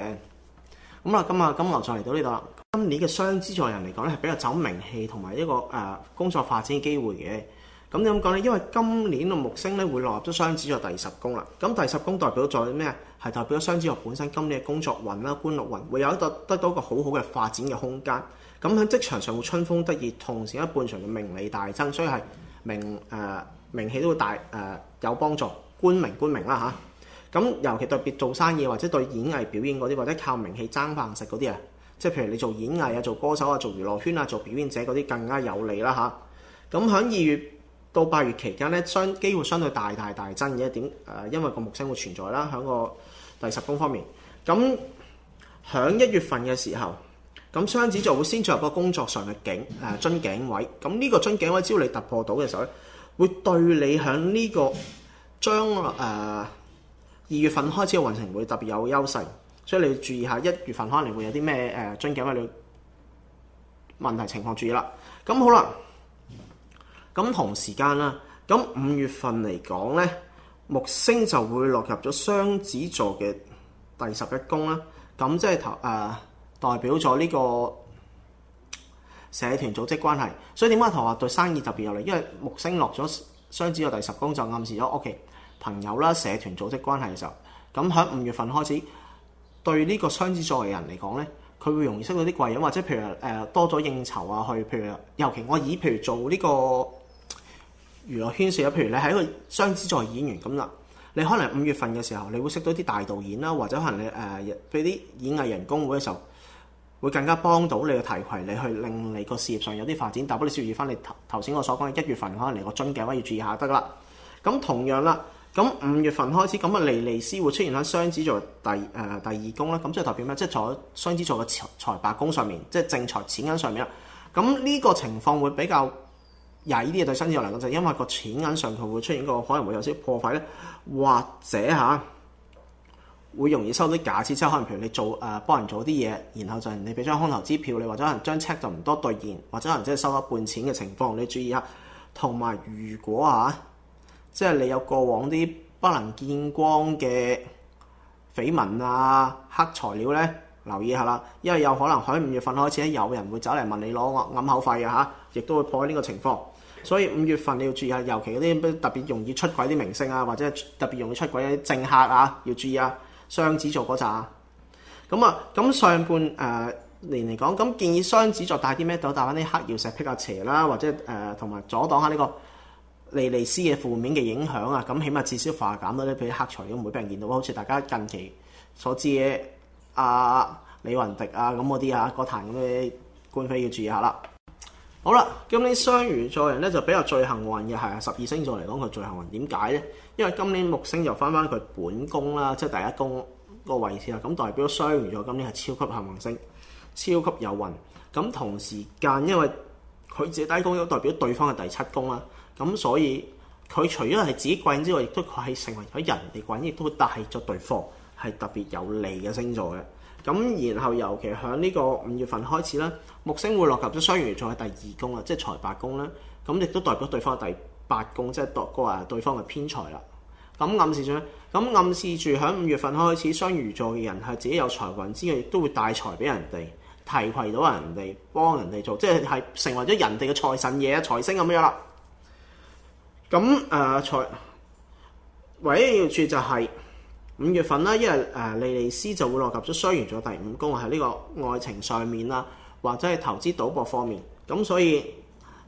咁啊，今啊，金牛座嚟到呢度啦，今年嘅雙子座人嚟講咧，係比較走名氣同埋一個誒工作發展嘅機會嘅。咁點講咧？因為今年個木星咧會落入咗雙子座第十宮啦。咁第十宮代表咗咩啊？代表咗雙子座本身今年嘅工作運啦、官祿運會有得得到一個得多個好好嘅發展嘅空間。咁喺職場上會春風得意，同時一半上嘅名利大增，所以係名誒、呃、名氣都會大誒、呃、有幫助。官名官名啦嚇。咁、啊、尤其特別做生意或者對演藝表演嗰啲，或者靠名氣爭飯食嗰啲啊，即係譬如你做演藝啊、做歌手啊、做娛樂圈啊、做表演者嗰啲更加有利啦嚇。咁喺二月到八月期間咧，相機會相對大大大，大增嘅點誒，因為個木星會存在啦，喺個。第十宮方面，咁喺一月份嘅時候，咁雙子就會先進入個工作上嘅頸，誒樽頸位。咁呢個樽頸位，只要你突破到嘅時候，會對你喺呢個將誒二月份開始嘅運程會特別有優勢。所以你要注意一下一月份可能嚟會有啲咩誒樽頸位嘅問題情況，注意啦。咁好啦，咁同時間啦，咁五月份嚟講咧。木星就會落入咗雙子座嘅第十一宮啦，咁即係頭誒代表咗呢個社團組織關係，所以點解頭話對生意特別有利？因為木星落咗雙子座第十宮，就暗示咗屋企朋友啦、社團組織關係嘅時候，咁喺五月份開始對呢個雙子座嘅人嚟講咧，佢會容易識到啲貴人，或者譬如誒、呃、多咗應酬啊，去譬如尤其我以譬如做呢、這個。娛樂圈事啊，譬如你喺個雙子座演員咁啦，你可能五月份嘅時候，你會識到啲大導演啦，或者可能你誒俾啲演藝人工會嘅時候，會更加幫到你嘅提攜，你去令你個事業上有啲發展。但不你需要注意翻，你頭頭先我所講嘅一月份可能嚟個樽頸位要注意下得啦。咁同樣啦，咁五月份開始咁嘅莉莉斯會出現喺雙子座第誒、呃、第二宮啦。咁即係代表咩？即係在雙子座嘅財帛宮上面，即係正財錢銀上面啦。咁呢個情況會比較。廿呢啲嘢對新鮮嚟講，就係因為個錢銀上佢會出現個可能會有少破費咧，或者嚇會容易收啲假錢，即係可能譬如你做誒、呃、幫人做啲嘢，然後就係你俾張空頭支票，你或者可能張 check 就唔多兌現，或者可能即係收一半錢嘅情況，你注意下，同埋如果嚇、啊、即係你有過往啲不能見光嘅緋聞啊黑材料咧，留意下啦，因為有可能喺五月份開始咧，有人會走嚟問你攞暗口費啊嚇，亦、啊、都會破呢個情況。所以五月份你要注意下，尤其嗰啲特別容易出軌啲明星啊，或者特別容易出軌啲政客啊，要注意啊。雙子座嗰陣，咁啊，咁上半誒年嚟講，咁建議雙子座戴啲咩到？戴翻啲黑曜石辟下邪啦，或者誒同埋阻擋下呢個尼尼斯嘅負面嘅影響啊。咁起碼至少化減咗啲，譬如黑材料唔會俾人見到。好似大家近期所知嘅阿、啊、李雲迪啊，咁嗰啲嚇歌壇嘅官非要注意下啦。好啦，今年雙魚座人咧就比較最幸運嘅係啊，十二星座嚟講佢最幸運，點解咧？因為今年木星又返返佢本宮啦，即係第一宮個位置啦，咁代表雙魚座今年係超級幸運星，超級有運。咁同時間因為佢自己第一宮，亦都代表咗對方係第七宮啦，咁所以佢除咗係自己貴人之外，亦都佢係成為咗人哋貴人，亦都帶咗對方係特別有利嘅星座嘅。咁然後尤其響呢個五月份開始咧，木星會落入咗雙魚座嘅第二宮啊，即係財八宮啦。咁亦都代表對方嘅第八宮，即係代表啊對方嘅偏財啦。咁、嗯、暗示咗，咁、嗯、暗示住響五月份開始，雙魚座嘅人係自己有財運之外，亦都會帶財俾人哋，提攜到人哋，幫人哋做，即係係成為咗人哋嘅財神爺啊財星咁樣啦。咁、嗯、誒，財、呃、唯一要注意就係、是。五月份啦，因為誒莉莉絲就會落及咗衰完咗第五宮喺呢個愛情上面啦，或者係投資賭博方面，咁所以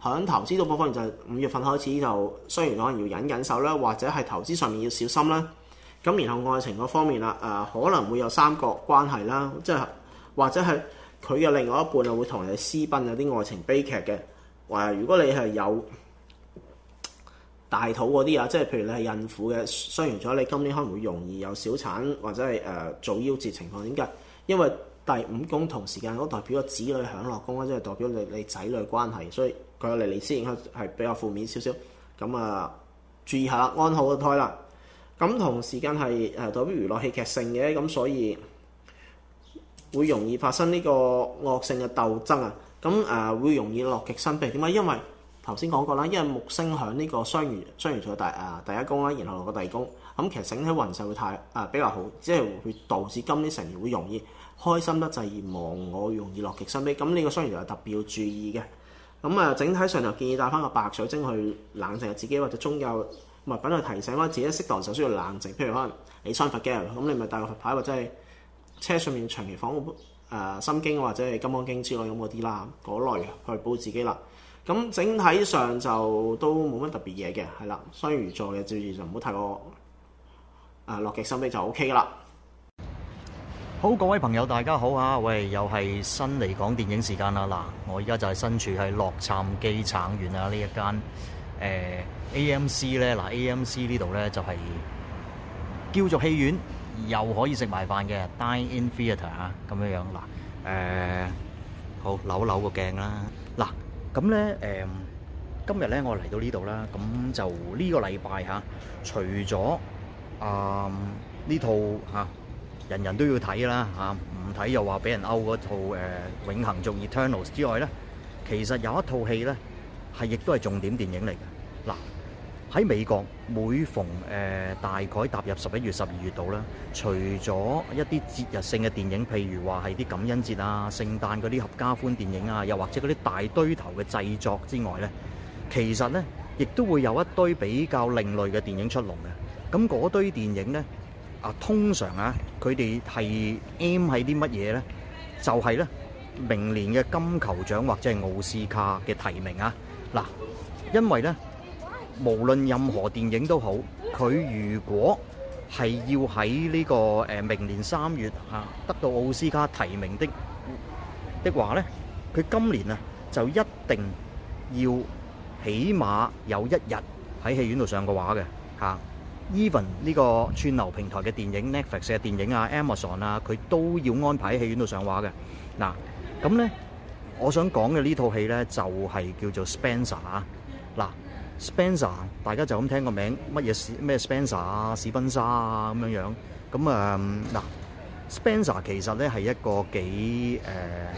喺投資賭博方面就五、係、月份開始就衰完，可能要忍忍手啦，或者係投資上面要小心啦。咁然後愛情嗰方面啦，誒、呃、可能會有三角關係啦，即係或者係佢嘅另外一半啊會同人哋私奔，有啲愛情悲劇嘅，或如果你係有，大肚嗰啲啊，即係譬如你係孕婦嘅，雖然咗你今年可能會容易有小產或者係誒早夭折情況。點解？因為第五宮同時間代表個子女享樂宮啦，即係代表你你仔女關係，所以佢離你先影響係比較負面少少。咁、嗯、啊，注意下安好個胎啦。咁、嗯、同時間係誒代表娛樂戲劇性嘅，咁、嗯、所以會容易發生呢個惡性嘅鬥爭啊。咁、呃、啊，會容易樂極生悲。點解？因為頭先講過啦，因為木星喺呢個雙魚雙魚座第誒第一宮啦，然後落個第二宮，咁其實整體運勢會太誒、呃、比較好，即係會導致今年成年會容易開心得滯而忘我，容易樂極生悲。咁、這、呢個雙魚座特別要注意嘅，咁、嗯、啊，整體上就建議帶翻個白水晶去冷靜下自己或者宗教物品去提醒翻自己，適當就需要冷靜。譬如可能你穿佛教咁，你咪帶個佛牌或者係車上面長期放誒、呃、心經或者係金剛經之類咁嗰啲啦，嗰類去補自己啦。咁整體上就都冇乜特別嘢嘅，係啦。雙魚座嘅注意就唔好太過啊樂極生悲就 O K 啦。好，各位朋友大家好嚇，喂，又係新嚟講電影時間啦嗱，我而家就係身處喺洛杉磯影院啊呢一間誒、呃、A M C 咧嗱 A M C 呢度咧就係、是、叫做戲院又可以食埋飯嘅 Dine In Theatre 嚇咁樣樣嗱誒好扭扭個鏡啦。咁咧，誒，今日咧，我嚟到呢度啦，咁就呢個禮拜嚇，除咗啊呢套嚇人人都要睇啦，嚇唔睇又話俾人勾嗰套誒《永恆》《Eternals》之外咧，其實有一套戲咧係亦都係重點電影嚟嘅嗱。喺美國，每逢誒大概踏入十一月、十二月度咧，除咗一啲節日性嘅電影，譬如話係啲感恩節啊、聖誕嗰啲合家歡電影啊，又或者嗰啲大堆頭嘅製作之外咧，其實咧亦都會有一堆比較另類嘅電影出籠嘅。咁嗰堆電影咧啊，通常啊，佢哋係 aim at 啲乜嘢咧？就係咧明年嘅金球獎或者係奧斯卡嘅提名啊！嗱，因為咧。無論任何電影都好，佢如果係要喺呢個誒明年三月嚇、啊、得到奧斯卡提名的的話呢，佢今年啊就一定要起碼有一日喺戲院度上個畫嘅嚇。Even、啊、呢個串流平台嘅電影 Netflix、嘅電影啊、Amazon 啊，佢都要安排喺戲院度上畫嘅。嗱、啊，咁咧，我想講嘅呢套戲呢，就係、是、叫做 Spencer 啊，嗱、啊。Spencer，大家就咁聽個名，乜嘢咩 Spencer 啊，史賓沙，啊咁樣樣。咁、嗯、啊，嗱，Spencer 其實咧係一個幾誒、呃、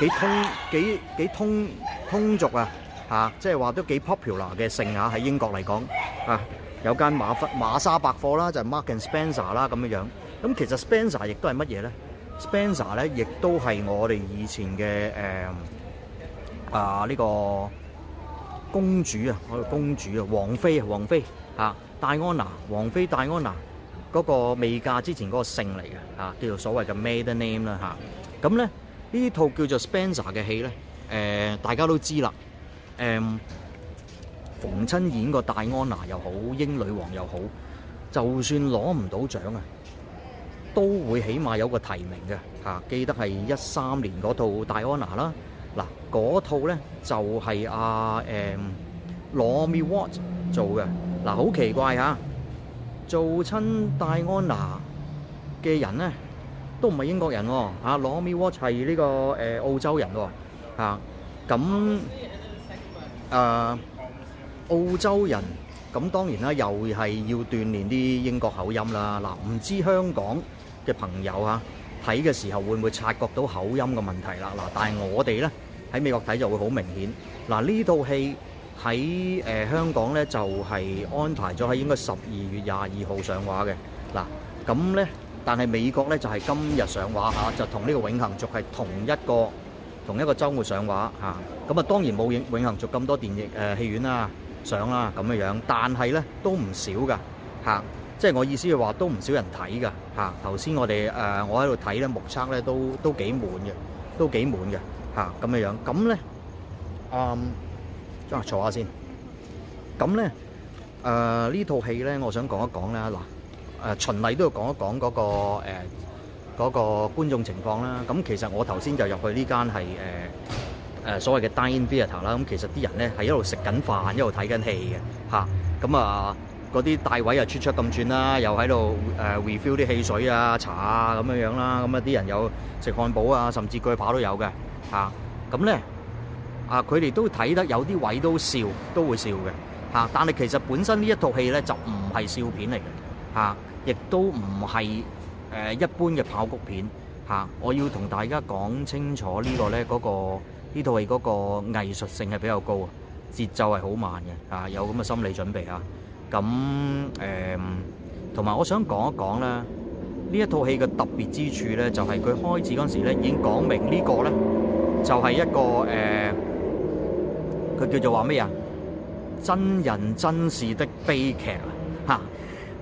幾通幾幾通通俗啊嚇、啊，即係話都幾 popular 嘅姓啊喺英國嚟講啊，有間馬忽馬莎百貨啦，就係、係、Marks and Spencer 啦咁樣樣。咁其實 Spencer 亦都係乜嘢咧？Spencer 咧亦都係我哋以前嘅誒、呃、啊呢、呢個。公主啊，我係公主啊，王妃啊，王妃嚇，戴安娜王妃戴安娜嗰個未嫁之前嗰個姓嚟嘅嚇，叫做所謂嘅 maiden name 啦、啊、吓，咁咧呢套叫做 Spencer 嘅戲咧，誒、呃、大家都知啦，誒逢親演過戴安娜又好，英女王又好，就算攞唔到獎啊，都會起碼有個提名嘅吓、啊，記得係一三年嗰套戴安娜啦。嗱，嗰套咧就係阿誒 Naomi Watts 做嘅，嗱好奇怪嚇，做親戴安娜嘅人咧都唔係英國人喎，嚇 Naomi Watts 係呢個誒澳洲人喎，嚇咁誒澳洲人咁當然啦，又係要鍛鍊啲英國口音啦，嗱唔知香港嘅朋友嚇睇嘅時候會唔會察覺到口音嘅問題啦，嗱但係我哋咧。喺美國睇就會好明顯。嗱，呢套戲喺誒香港咧就係安排咗喺應該十二月廿二號上畫嘅。嗱，咁咧，但係美國咧就係今日上畫嚇，就同呢個《永恆族》係同一個同一個週末上畫嚇。咁啊，當然冇《永永恆族》咁多電影誒戲院啊上啦咁嘅樣，但係咧都唔少㗎嚇。即係我意思係話都唔少人睇㗎嚇。頭先我哋誒我喺度睇咧，目測咧都都幾滿嘅，都幾滿嘅。嚇咁嘅樣咁咧，嗯，即係坐下先。咁咧，誒呢套戲咧，我想講一講咧嗱，誒循例都要講一講嗰個誒嗰個觀眾情況啦。咁其實我頭先就入去呢間係誒誒所謂嘅 dine-in theatre 啦。咁其實啲人咧係一路食緊飯，一路睇緊戲嘅嚇。咁啊，嗰啲大位又出出咁轉啦，又喺度誒 refill 啲汽水啊、茶啊咁樣樣啦。咁啊，啲人有食漢堡啊，甚至鋸扒都有嘅。啊，咁咧，啊，佢哋都睇得有啲位都笑，都會笑嘅，吓、啊。但係其實本身呢一套戲咧就唔係笑片嚟嘅，吓、啊，亦都唔係誒一般嘅爆谷片，吓、啊。我要同大家講清楚呢個咧，嗰個呢套戲嗰個藝術、這個、性係比較高節啊，節奏係好慢嘅，吓，有咁嘅心理準備啊。咁、啊、誒，同、嗯、埋我想講一講咧，呢一套戲嘅特別之處咧，就係、是、佢開始嗰陣時咧已經講明個呢個咧。就係一個誒，佢、呃、叫做話咩啊？真人真事的悲劇啊！嚇，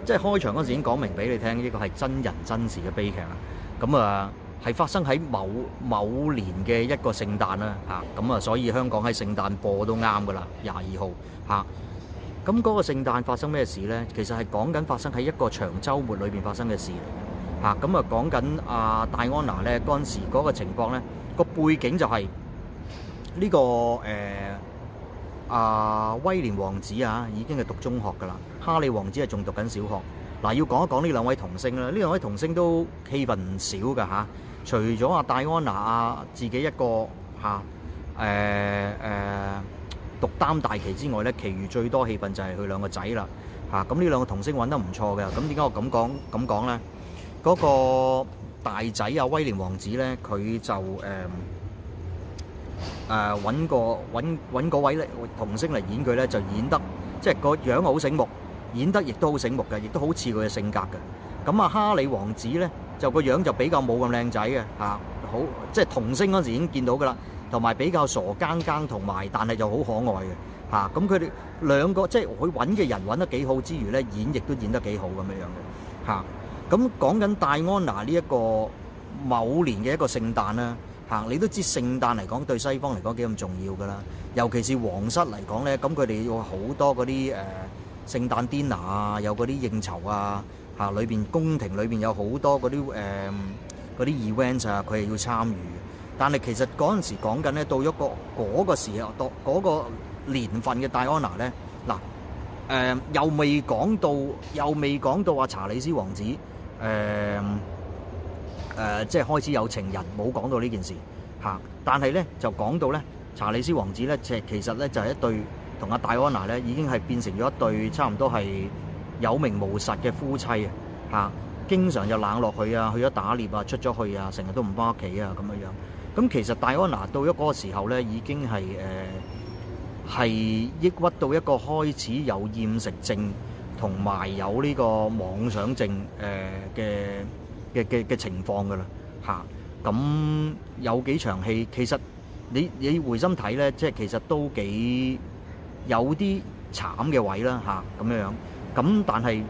即係開場嗰陣時已經講明俾你聽，呢個係真人真事嘅悲劇啦。咁啊，係發生喺某某年嘅一個聖誕啦。嚇、啊，咁啊，所以香港喺聖誕播都啱噶啦，廿二號嚇。咁、啊、嗰、嗰個聖誕發生咩事咧？其實係講緊發生喺一個長週末裏邊發生嘅事。嚇，咁啊，講緊阿戴安娜咧嗰陣時嗰個情況咧。個背景就係、是、呢、這個誒阿、呃啊、威廉王子啊，已經係讀中學噶啦，哈利王子係仲讀緊小學。嗱、啊，要講一講呢兩位童星啦，呢兩位童星都戲份唔少噶吓，、啊。除咗阿、啊、戴安娜啊自己一個吓誒誒獨擔大旗之外咧，其餘最多戲份就係佢兩個仔啦吓。咁、啊、呢兩個童星揾得唔錯嘅，咁點解我咁講咁講咧？嗰個大仔啊，威廉王子咧，佢就誒誒揾個揾揾位咧童星嚟演佢咧，就演得即係、就是、個樣好醒目，演得亦都好醒目嘅，亦都好似佢嘅性格嘅。咁啊，哈利王子咧就個樣就比較冇咁靚仔嘅嚇，好即係童星嗰陣時已經見到噶啦，同埋比較傻更更，同埋但係就好可愛嘅嚇。咁佢哋兩個即係佢揾嘅人揾得幾好之餘咧，演亦都演得幾好咁樣樣嘅嚇。啊。咁講緊戴安娜呢一個某年嘅一個聖誕啦，嚇你都知聖誕嚟講對西方嚟講幾咁重要㗎啦，尤其是皇室嚟講咧，咁佢哋有好多嗰啲誒聖誕 dinner 啊，有嗰啲應酬啊，嚇裏邊宮廷裏邊有好多嗰啲誒嗰啲 event 啊，佢係要參與。但係其實嗰陣時講緊咧，到一個嗰個時候，到嗰個，那個年份嘅戴安娜咧，嗱誒、呃、又未講到又未講到阿查理斯王子。誒誒、呃呃，即係開始有情人，冇講到，、啊、到呢件事嚇。但係咧，就講到咧，查理斯王子咧，即係其實咧，就係、是、一對同阿戴安娜咧，已經係變成咗一對差唔多係有名無實嘅夫妻啊！嚇，經常就冷落佢啊，去咗打獵啊，出咗去啊，成日都唔翻屋企啊，咁樣樣。咁其實戴安娜到咗嗰個時候咧，已經係誒係抑鬱到一個開始有厭食症。同埋有呢個妄想症誒嘅嘅嘅嘅情況㗎啦嚇，咁有幾場戲其實你你回心睇咧，即係其實都幾有啲慘嘅位啦嚇咁樣樣，咁但係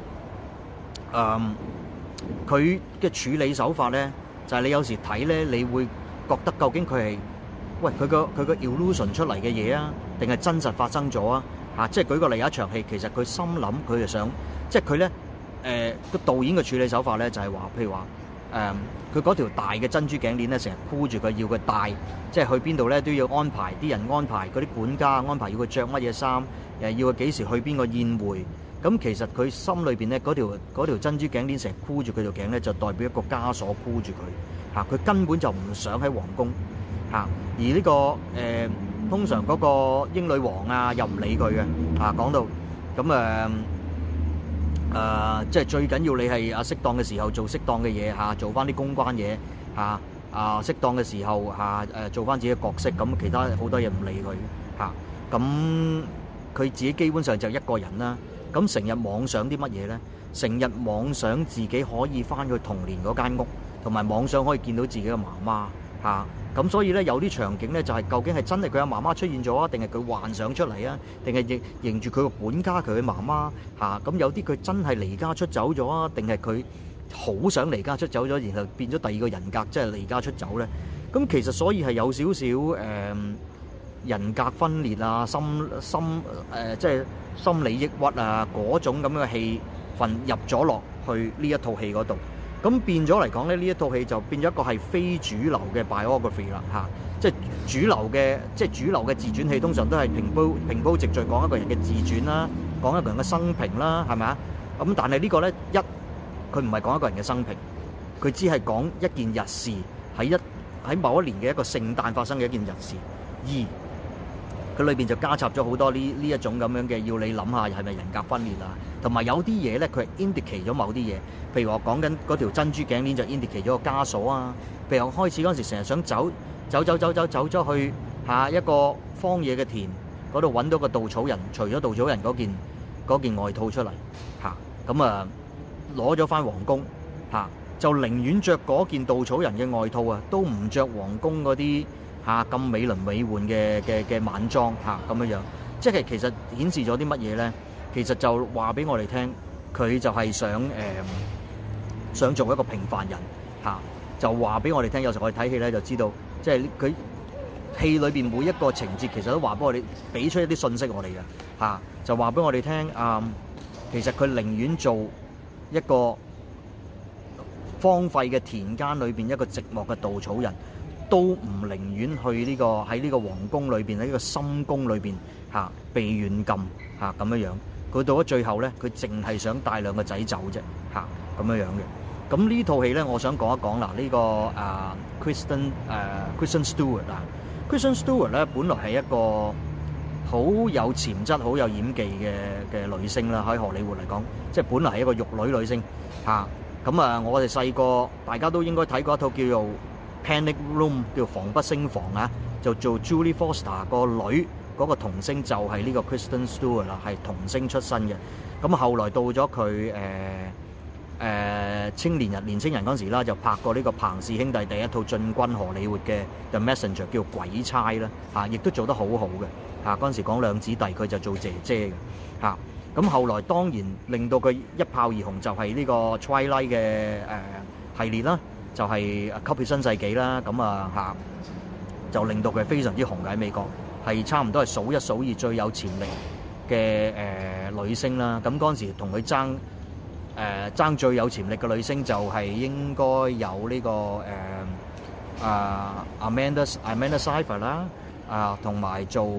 誒佢嘅處理手法咧，就係你有時睇咧，你會覺得究竟佢係喂佢個佢個 illusion 出嚟嘅嘢啊，定係真實發生咗啊？啊！即係舉個例，有一場戲，其實佢心諗，佢就想，即係佢咧，誒、呃、個導演嘅處理手法咧，就係、是、話，譬如話，誒佢嗰條大嘅珍珠頸鏈咧，成日箍住佢，要佢戴，即係去邊度咧都要安排啲人安排嗰啲管家，安排要佢着乜嘢衫，誒要佢幾時去邊個宴會。咁、啊、其實佢心裏邊咧，嗰條，條珍珠頸鏈成日箍住佢條頸咧，就代表一個枷鎖箍住佢。嚇、啊，佢根本就唔想喺皇宮。嚇、啊，而呢、這個誒。呃通常嗰個英女王啊，又唔理佢嘅啊，講到咁誒誒，即係最緊要你係啊適當嘅時候做適當嘅嘢嚇，做翻啲公關嘢嚇啊，適當嘅時候嚇誒做翻自己角色，咁其他好多嘢唔理佢嚇。咁佢自己基本上就一個人啦。咁成日妄想啲乜嘢咧？成日妄想自己可以翻去童年嗰間屋，同埋妄想可以見到自己嘅媽媽。啊，咁所以咧有啲場景咧就係究竟係真係佢阿媽媽出現咗啊，定係佢幻想出嚟啊？定係亦認住佢個管家佢媽媽？嚇，咁有啲佢真係離家出走咗啊？定係佢好想離家出走咗，然後變咗第二個人格，即係離家出走咧？咁其實所以係有少少誒人格分裂啊、心心誒即係心理抑鬱啊嗰種咁嘅氣氛入咗落去呢一套戲嗰度。咁變咗嚟講咧，呢一套戲就變咗一個係非主流嘅 biography 啦，嚇、啊！即係主流嘅，即係主流嘅自傳戲，通常都係平鋪平鋪直敍講一個人嘅自傳啦，講一個人嘅生平啦，係咪啊？咁、嗯、但係呢個咧一，佢唔係講一個人嘅生平，佢只係講一件日事喺一喺某一年嘅一個聖誕發生嘅一件日事，二佢裏邊就加插咗好多呢呢一,一種咁樣嘅，要你諗下係咪人格分裂啊？同埋有啲嘢咧，佢係 indicate 咗某啲嘢。譬如話講緊嗰條珍珠頸鏈就 indicate 咗個枷鎖啊。譬如我開始嗰陣時，成日想走，走走走走走咗去下一個荒野嘅田嗰度揾到個稻草人，除咗稻草人嗰件件外套出嚟嚇，咁啊攞咗翻皇宮嚇、啊，就寧願着嗰件稻草人嘅外套啊，都唔着皇宮嗰啲。嚇咁、啊、美輪美奐嘅嘅嘅晚裝嚇咁樣樣，即係其實顯示咗啲乜嘢咧？其實就話俾我哋聽，佢就係想誒、呃、想做一個平凡人嚇、啊，就話俾我哋聽。有時我哋睇戲咧，就知道即係佢戲裏邊每一個情節其、啊啊，其實都話俾我哋俾出一啲信息我哋嘅嚇，就話俾我哋聽。嗯，其實佢寧願做一個荒廢嘅田間裏邊一個寂寞嘅稻草人。都唔寧願去呢個，喺呢個皇宮裏邊，喺呢個深宮裏邊嚇被軟禁嚇咁樣樣，佢到咗最後咧，佢淨係想帶兩個仔走啫嚇咁樣樣嘅。咁呢套戲咧，我想講一講啦。呢個啊 Kristen 誒 Kristen Stewart 啊，Kristen Stewart 咧本來係一個好有潛質、好有演技嘅嘅女星啦，喺荷里活嚟講，即係本來係一個玉女女星嚇。咁啊，我哋細個大家都應該睇過一套叫做。Panic Room 叫防不勝防啊！就做 Julie Foster 個女嗰個童星就係呢個 Kristen Stewart 啦，係童星出身嘅。咁後來到咗佢誒誒青年人年青人嗰時啦，就拍過呢個彭氏兄弟第一套進軍荷里活嘅 The Messenger 叫鬼差啦，嚇亦都做得好好嘅嚇。嗰陣時講兩姊弟佢就做姐姐嘅嚇。咁後來當然令到佢一炮而紅，就係呢個 Twilight 嘅誒系列啦。就係《吸血新世紀》啦，咁啊嚇，就令到佢非常之紅喺美國，係差唔多係數一數二最有潛力嘅誒女星啦。咁嗰陣時同佢爭誒爭最有潛力嘅女星，就係應該有呢個誒阿 Amanda Amanda Seyfried 啦。啊，同埋做誒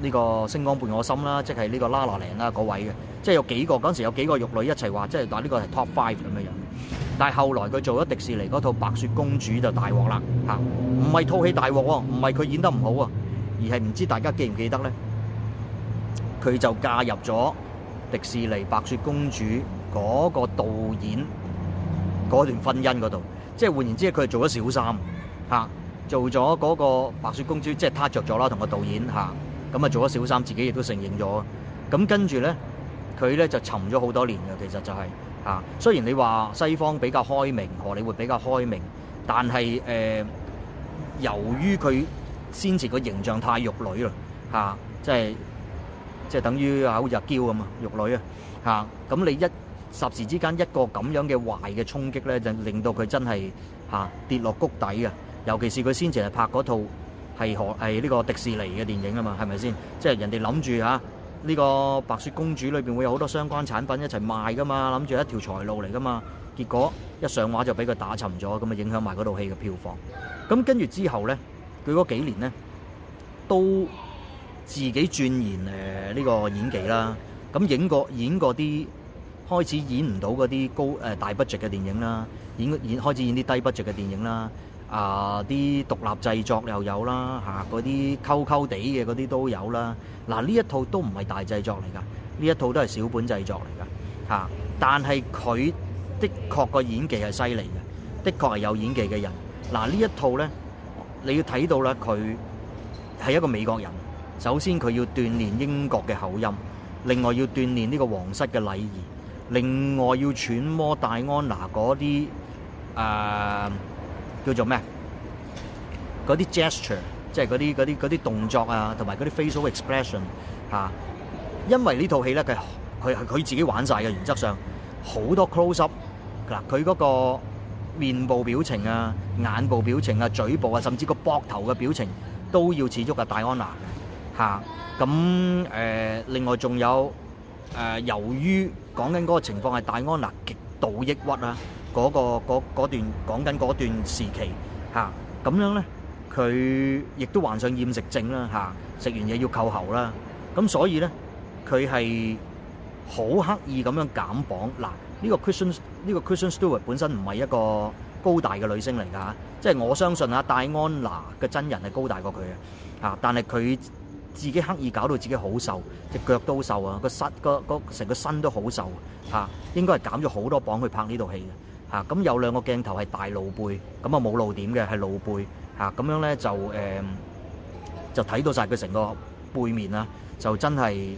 呢個星光伴我心啦，即係呢個拉拉零啦嗰位嘅，即係有幾個嗰陣時有幾個玉女一齊話，即係嗱呢個係 Top Five 咁嘅人。但係後來佢做咗迪士尼嗰套白雪公主就大鑊啦嚇，唔係套戲大鑊喎，唔係佢演得唔好啊，而係唔知大家記唔記得咧？佢就嫁入咗迪士尼白雪公主嗰個導演嗰段婚姻嗰度，即係換言之，佢係做咗小三嚇。做咗嗰個白雪公主，即係撻着咗啦，同個導演嚇咁啊，做咗小三，自己亦都承認咗。咁、啊、跟住咧，佢咧就沉咗好多年嘅。其實就係、是、嚇、啊，雖然你話西方比較開明，荷里活比較開明，但係誒、呃，由於佢先前個形象太玉女啦嚇，即係即係等於好似阿、啊、嬌咁啊嘛，玉女啊嚇，咁你一霎時之間一個咁樣嘅壞嘅衝擊咧，就令到佢真係嚇、啊、跌落谷底嘅。尤其是佢先前係拍嗰套係何係呢個迪士尼嘅電影啊嘛，係咪先？即係人哋諗住吓呢個白雪公主裏邊會有好多相關產品一齊賣噶嘛，諗住一條財路嚟噶嘛。結果一上畫就俾佢打沉咗，咁啊影響埋嗰套戲嘅票房。咁跟住之後咧，佢嗰幾年咧都自己鑽研誒呢個演技啦。咁影過演過啲開始演唔到嗰啲高誒、呃、大 budget 嘅電影啦，演演開始演啲低 budget 嘅電影啦。啊！啲獨立製作又有啦，嚇嗰啲溝溝地嘅嗰啲都有啦。嗱、啊，呢一套都唔係大製作嚟㗎，呢一套都係小本製作嚟㗎，嚇、啊。但係佢的確個演技係犀利嘅，的確係有演技嘅人。嗱、啊，呢一套呢，你要睇到喇，佢係一個美國人。首先佢要鍛鍊英國嘅口音，另外要鍛鍊呢個皇室嘅禮儀，另外要揣摩戴安娜嗰啲誒。啊叫做咩？嗰啲 gesture，即係嗰啲嗰啲嗰啲動作啊，同埋嗰啲 facial expression 嚇。因為呢套戲咧，佢佢佢自己玩晒嘅，原則上，好多 close up 嗱，佢嗰個面部表情啊、眼部表情啊、嘴部啊，甚至個膊頭嘅表情都要似足阿戴安娜嘅嚇。咁誒，另外仲有誒，由於講緊嗰個情況係戴安娜極度抑鬱啊。嗰、嗰個嗰個、段講緊嗰段時期嚇，咁樣咧，佢亦都患上厭食症啦嚇，食完嘢要扣喉啦，咁所以咧，佢係好刻意咁樣減磅。嗱，呢個 Christian 呢個 Christian Stewart 本身唔係一個高大嘅女星嚟㗎，即係我相信阿、啊、戴安娜嘅真人係高大過佢嘅嚇，但係佢自己刻意搞到自己好瘦，隻腳都瘦啊，個身個成個,個,個身都好瘦嚇，應該係減咗好多磅去拍呢套戲嘅。啊，咁有兩個鏡頭係大露背，咁啊冇露點嘅，係露背，嚇、啊、咁樣咧就誒，就睇、呃、到晒佢成個背面啦、啊，就真係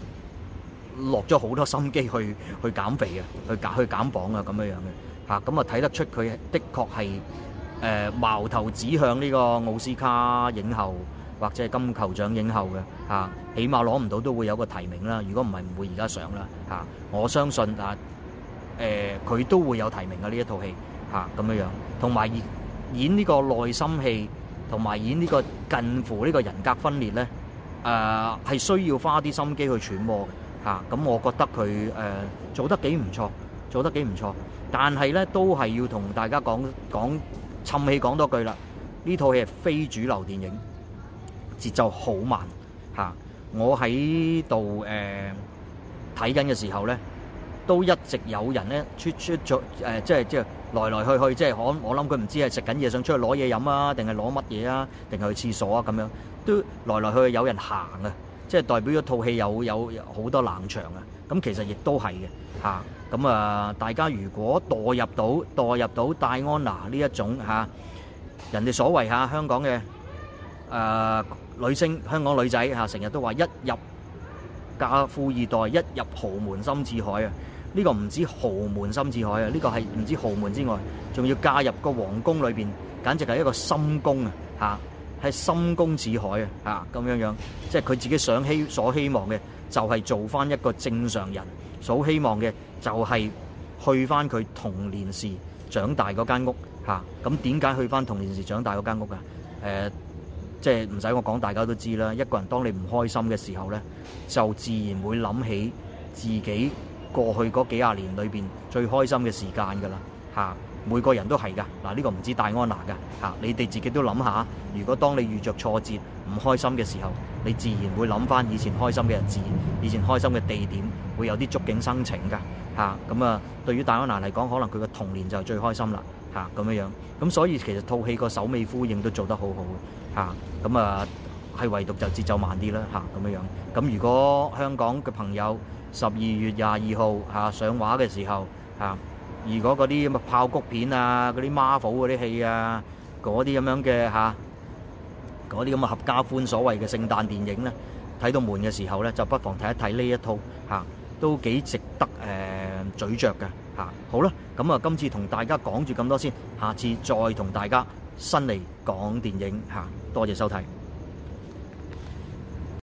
落咗好多心機去去減肥呀，去減去減磅呀咁樣樣嘅，嚇咁啊睇、嗯、得出佢的確係誒矛頭指向呢個奧斯卡影后或者係金球獎影后嘅，嚇、啊、起碼攞唔到都會有個提名啦，如果唔係唔會而家上啦，嚇、啊、我相信啊。誒佢、呃、都會有提名嘅呢一套戲，嚇咁樣樣，同埋演呢個內心戲，同埋演呢個近乎呢個人格分裂咧，誒、呃、係需要花啲心機去揣摩嘅，嚇、啊、咁、嗯、我覺得佢誒做得幾唔錯，做得幾唔錯，但係咧都係要同大家講講，趁戲講多句啦，呢套戲係非主流電影，節奏好慢，嚇、啊、我喺度誒睇緊嘅時候咧。都一直有人咧出出咗誒，即係即係來來去去，即係我我諗佢唔知係食緊嘢想出去攞嘢飲啊，定係攞乜嘢啊，定係去廁所啊咁樣，都來來去去有人行啊，即係代表咗套戲有有好多冷場啊。咁其實亦都係嘅嚇。咁啊，大家如果墮入到墮入到戴安娜呢一種嚇，人哋所謂嚇香港嘅誒女星，香港女仔嚇成日都話一入嫁富二代，一入豪門深似海啊！呢個唔止豪門深似海啊！呢個係唔止豪門之外，仲要嫁入個皇宮裏邊，簡直係一個深宮啊！嚇，係深宮似海啊！嚇咁樣樣，即係佢自己想希所希望嘅，就係做翻一個正常人所希望嘅，就係去翻佢童年時長大嗰間屋嚇。咁點解去翻童年時長大嗰間屋啊？誒、呃，即係唔使我講，大家都知啦。一個人當你唔開心嘅時候呢，就自然會諗起自己。過去嗰幾廿年裏邊最開心嘅時間㗎啦，嚇、啊、每個人都係㗎。嗱、啊、呢、這個唔知戴安娜㗎，嚇、啊、你哋自己都諗下。如果當你遇着挫折唔開心嘅時候，你自然會諗翻以前開心嘅日子，以前開心嘅地點，會有啲觸景生情㗎，嚇、啊、咁啊。對於戴安娜嚟講，可能佢嘅童年就係最開心啦，嚇咁樣樣。咁、啊、所以其實套戲個首尾呼應都做得好好嘅，咁啊，係、啊、唯獨就節奏慢啲啦，嚇咁樣樣。咁、啊、如果香港嘅朋友，十二月廿二號啊，上畫嘅時候啊，如果嗰啲咩爆谷片啊，嗰啲 Marvel 嗰啲戲啊，嗰啲咁樣嘅嚇，嗰啲咁嘅合家歡所謂嘅聖誕電影咧，睇到悶嘅時候咧，就不妨睇一睇呢一套嚇、啊，都幾值得誒咀嚼嘅嚇。好啦，咁啊今次同大家講住咁多先，下次再同大家新嚟講電影嚇、啊。多謝收睇。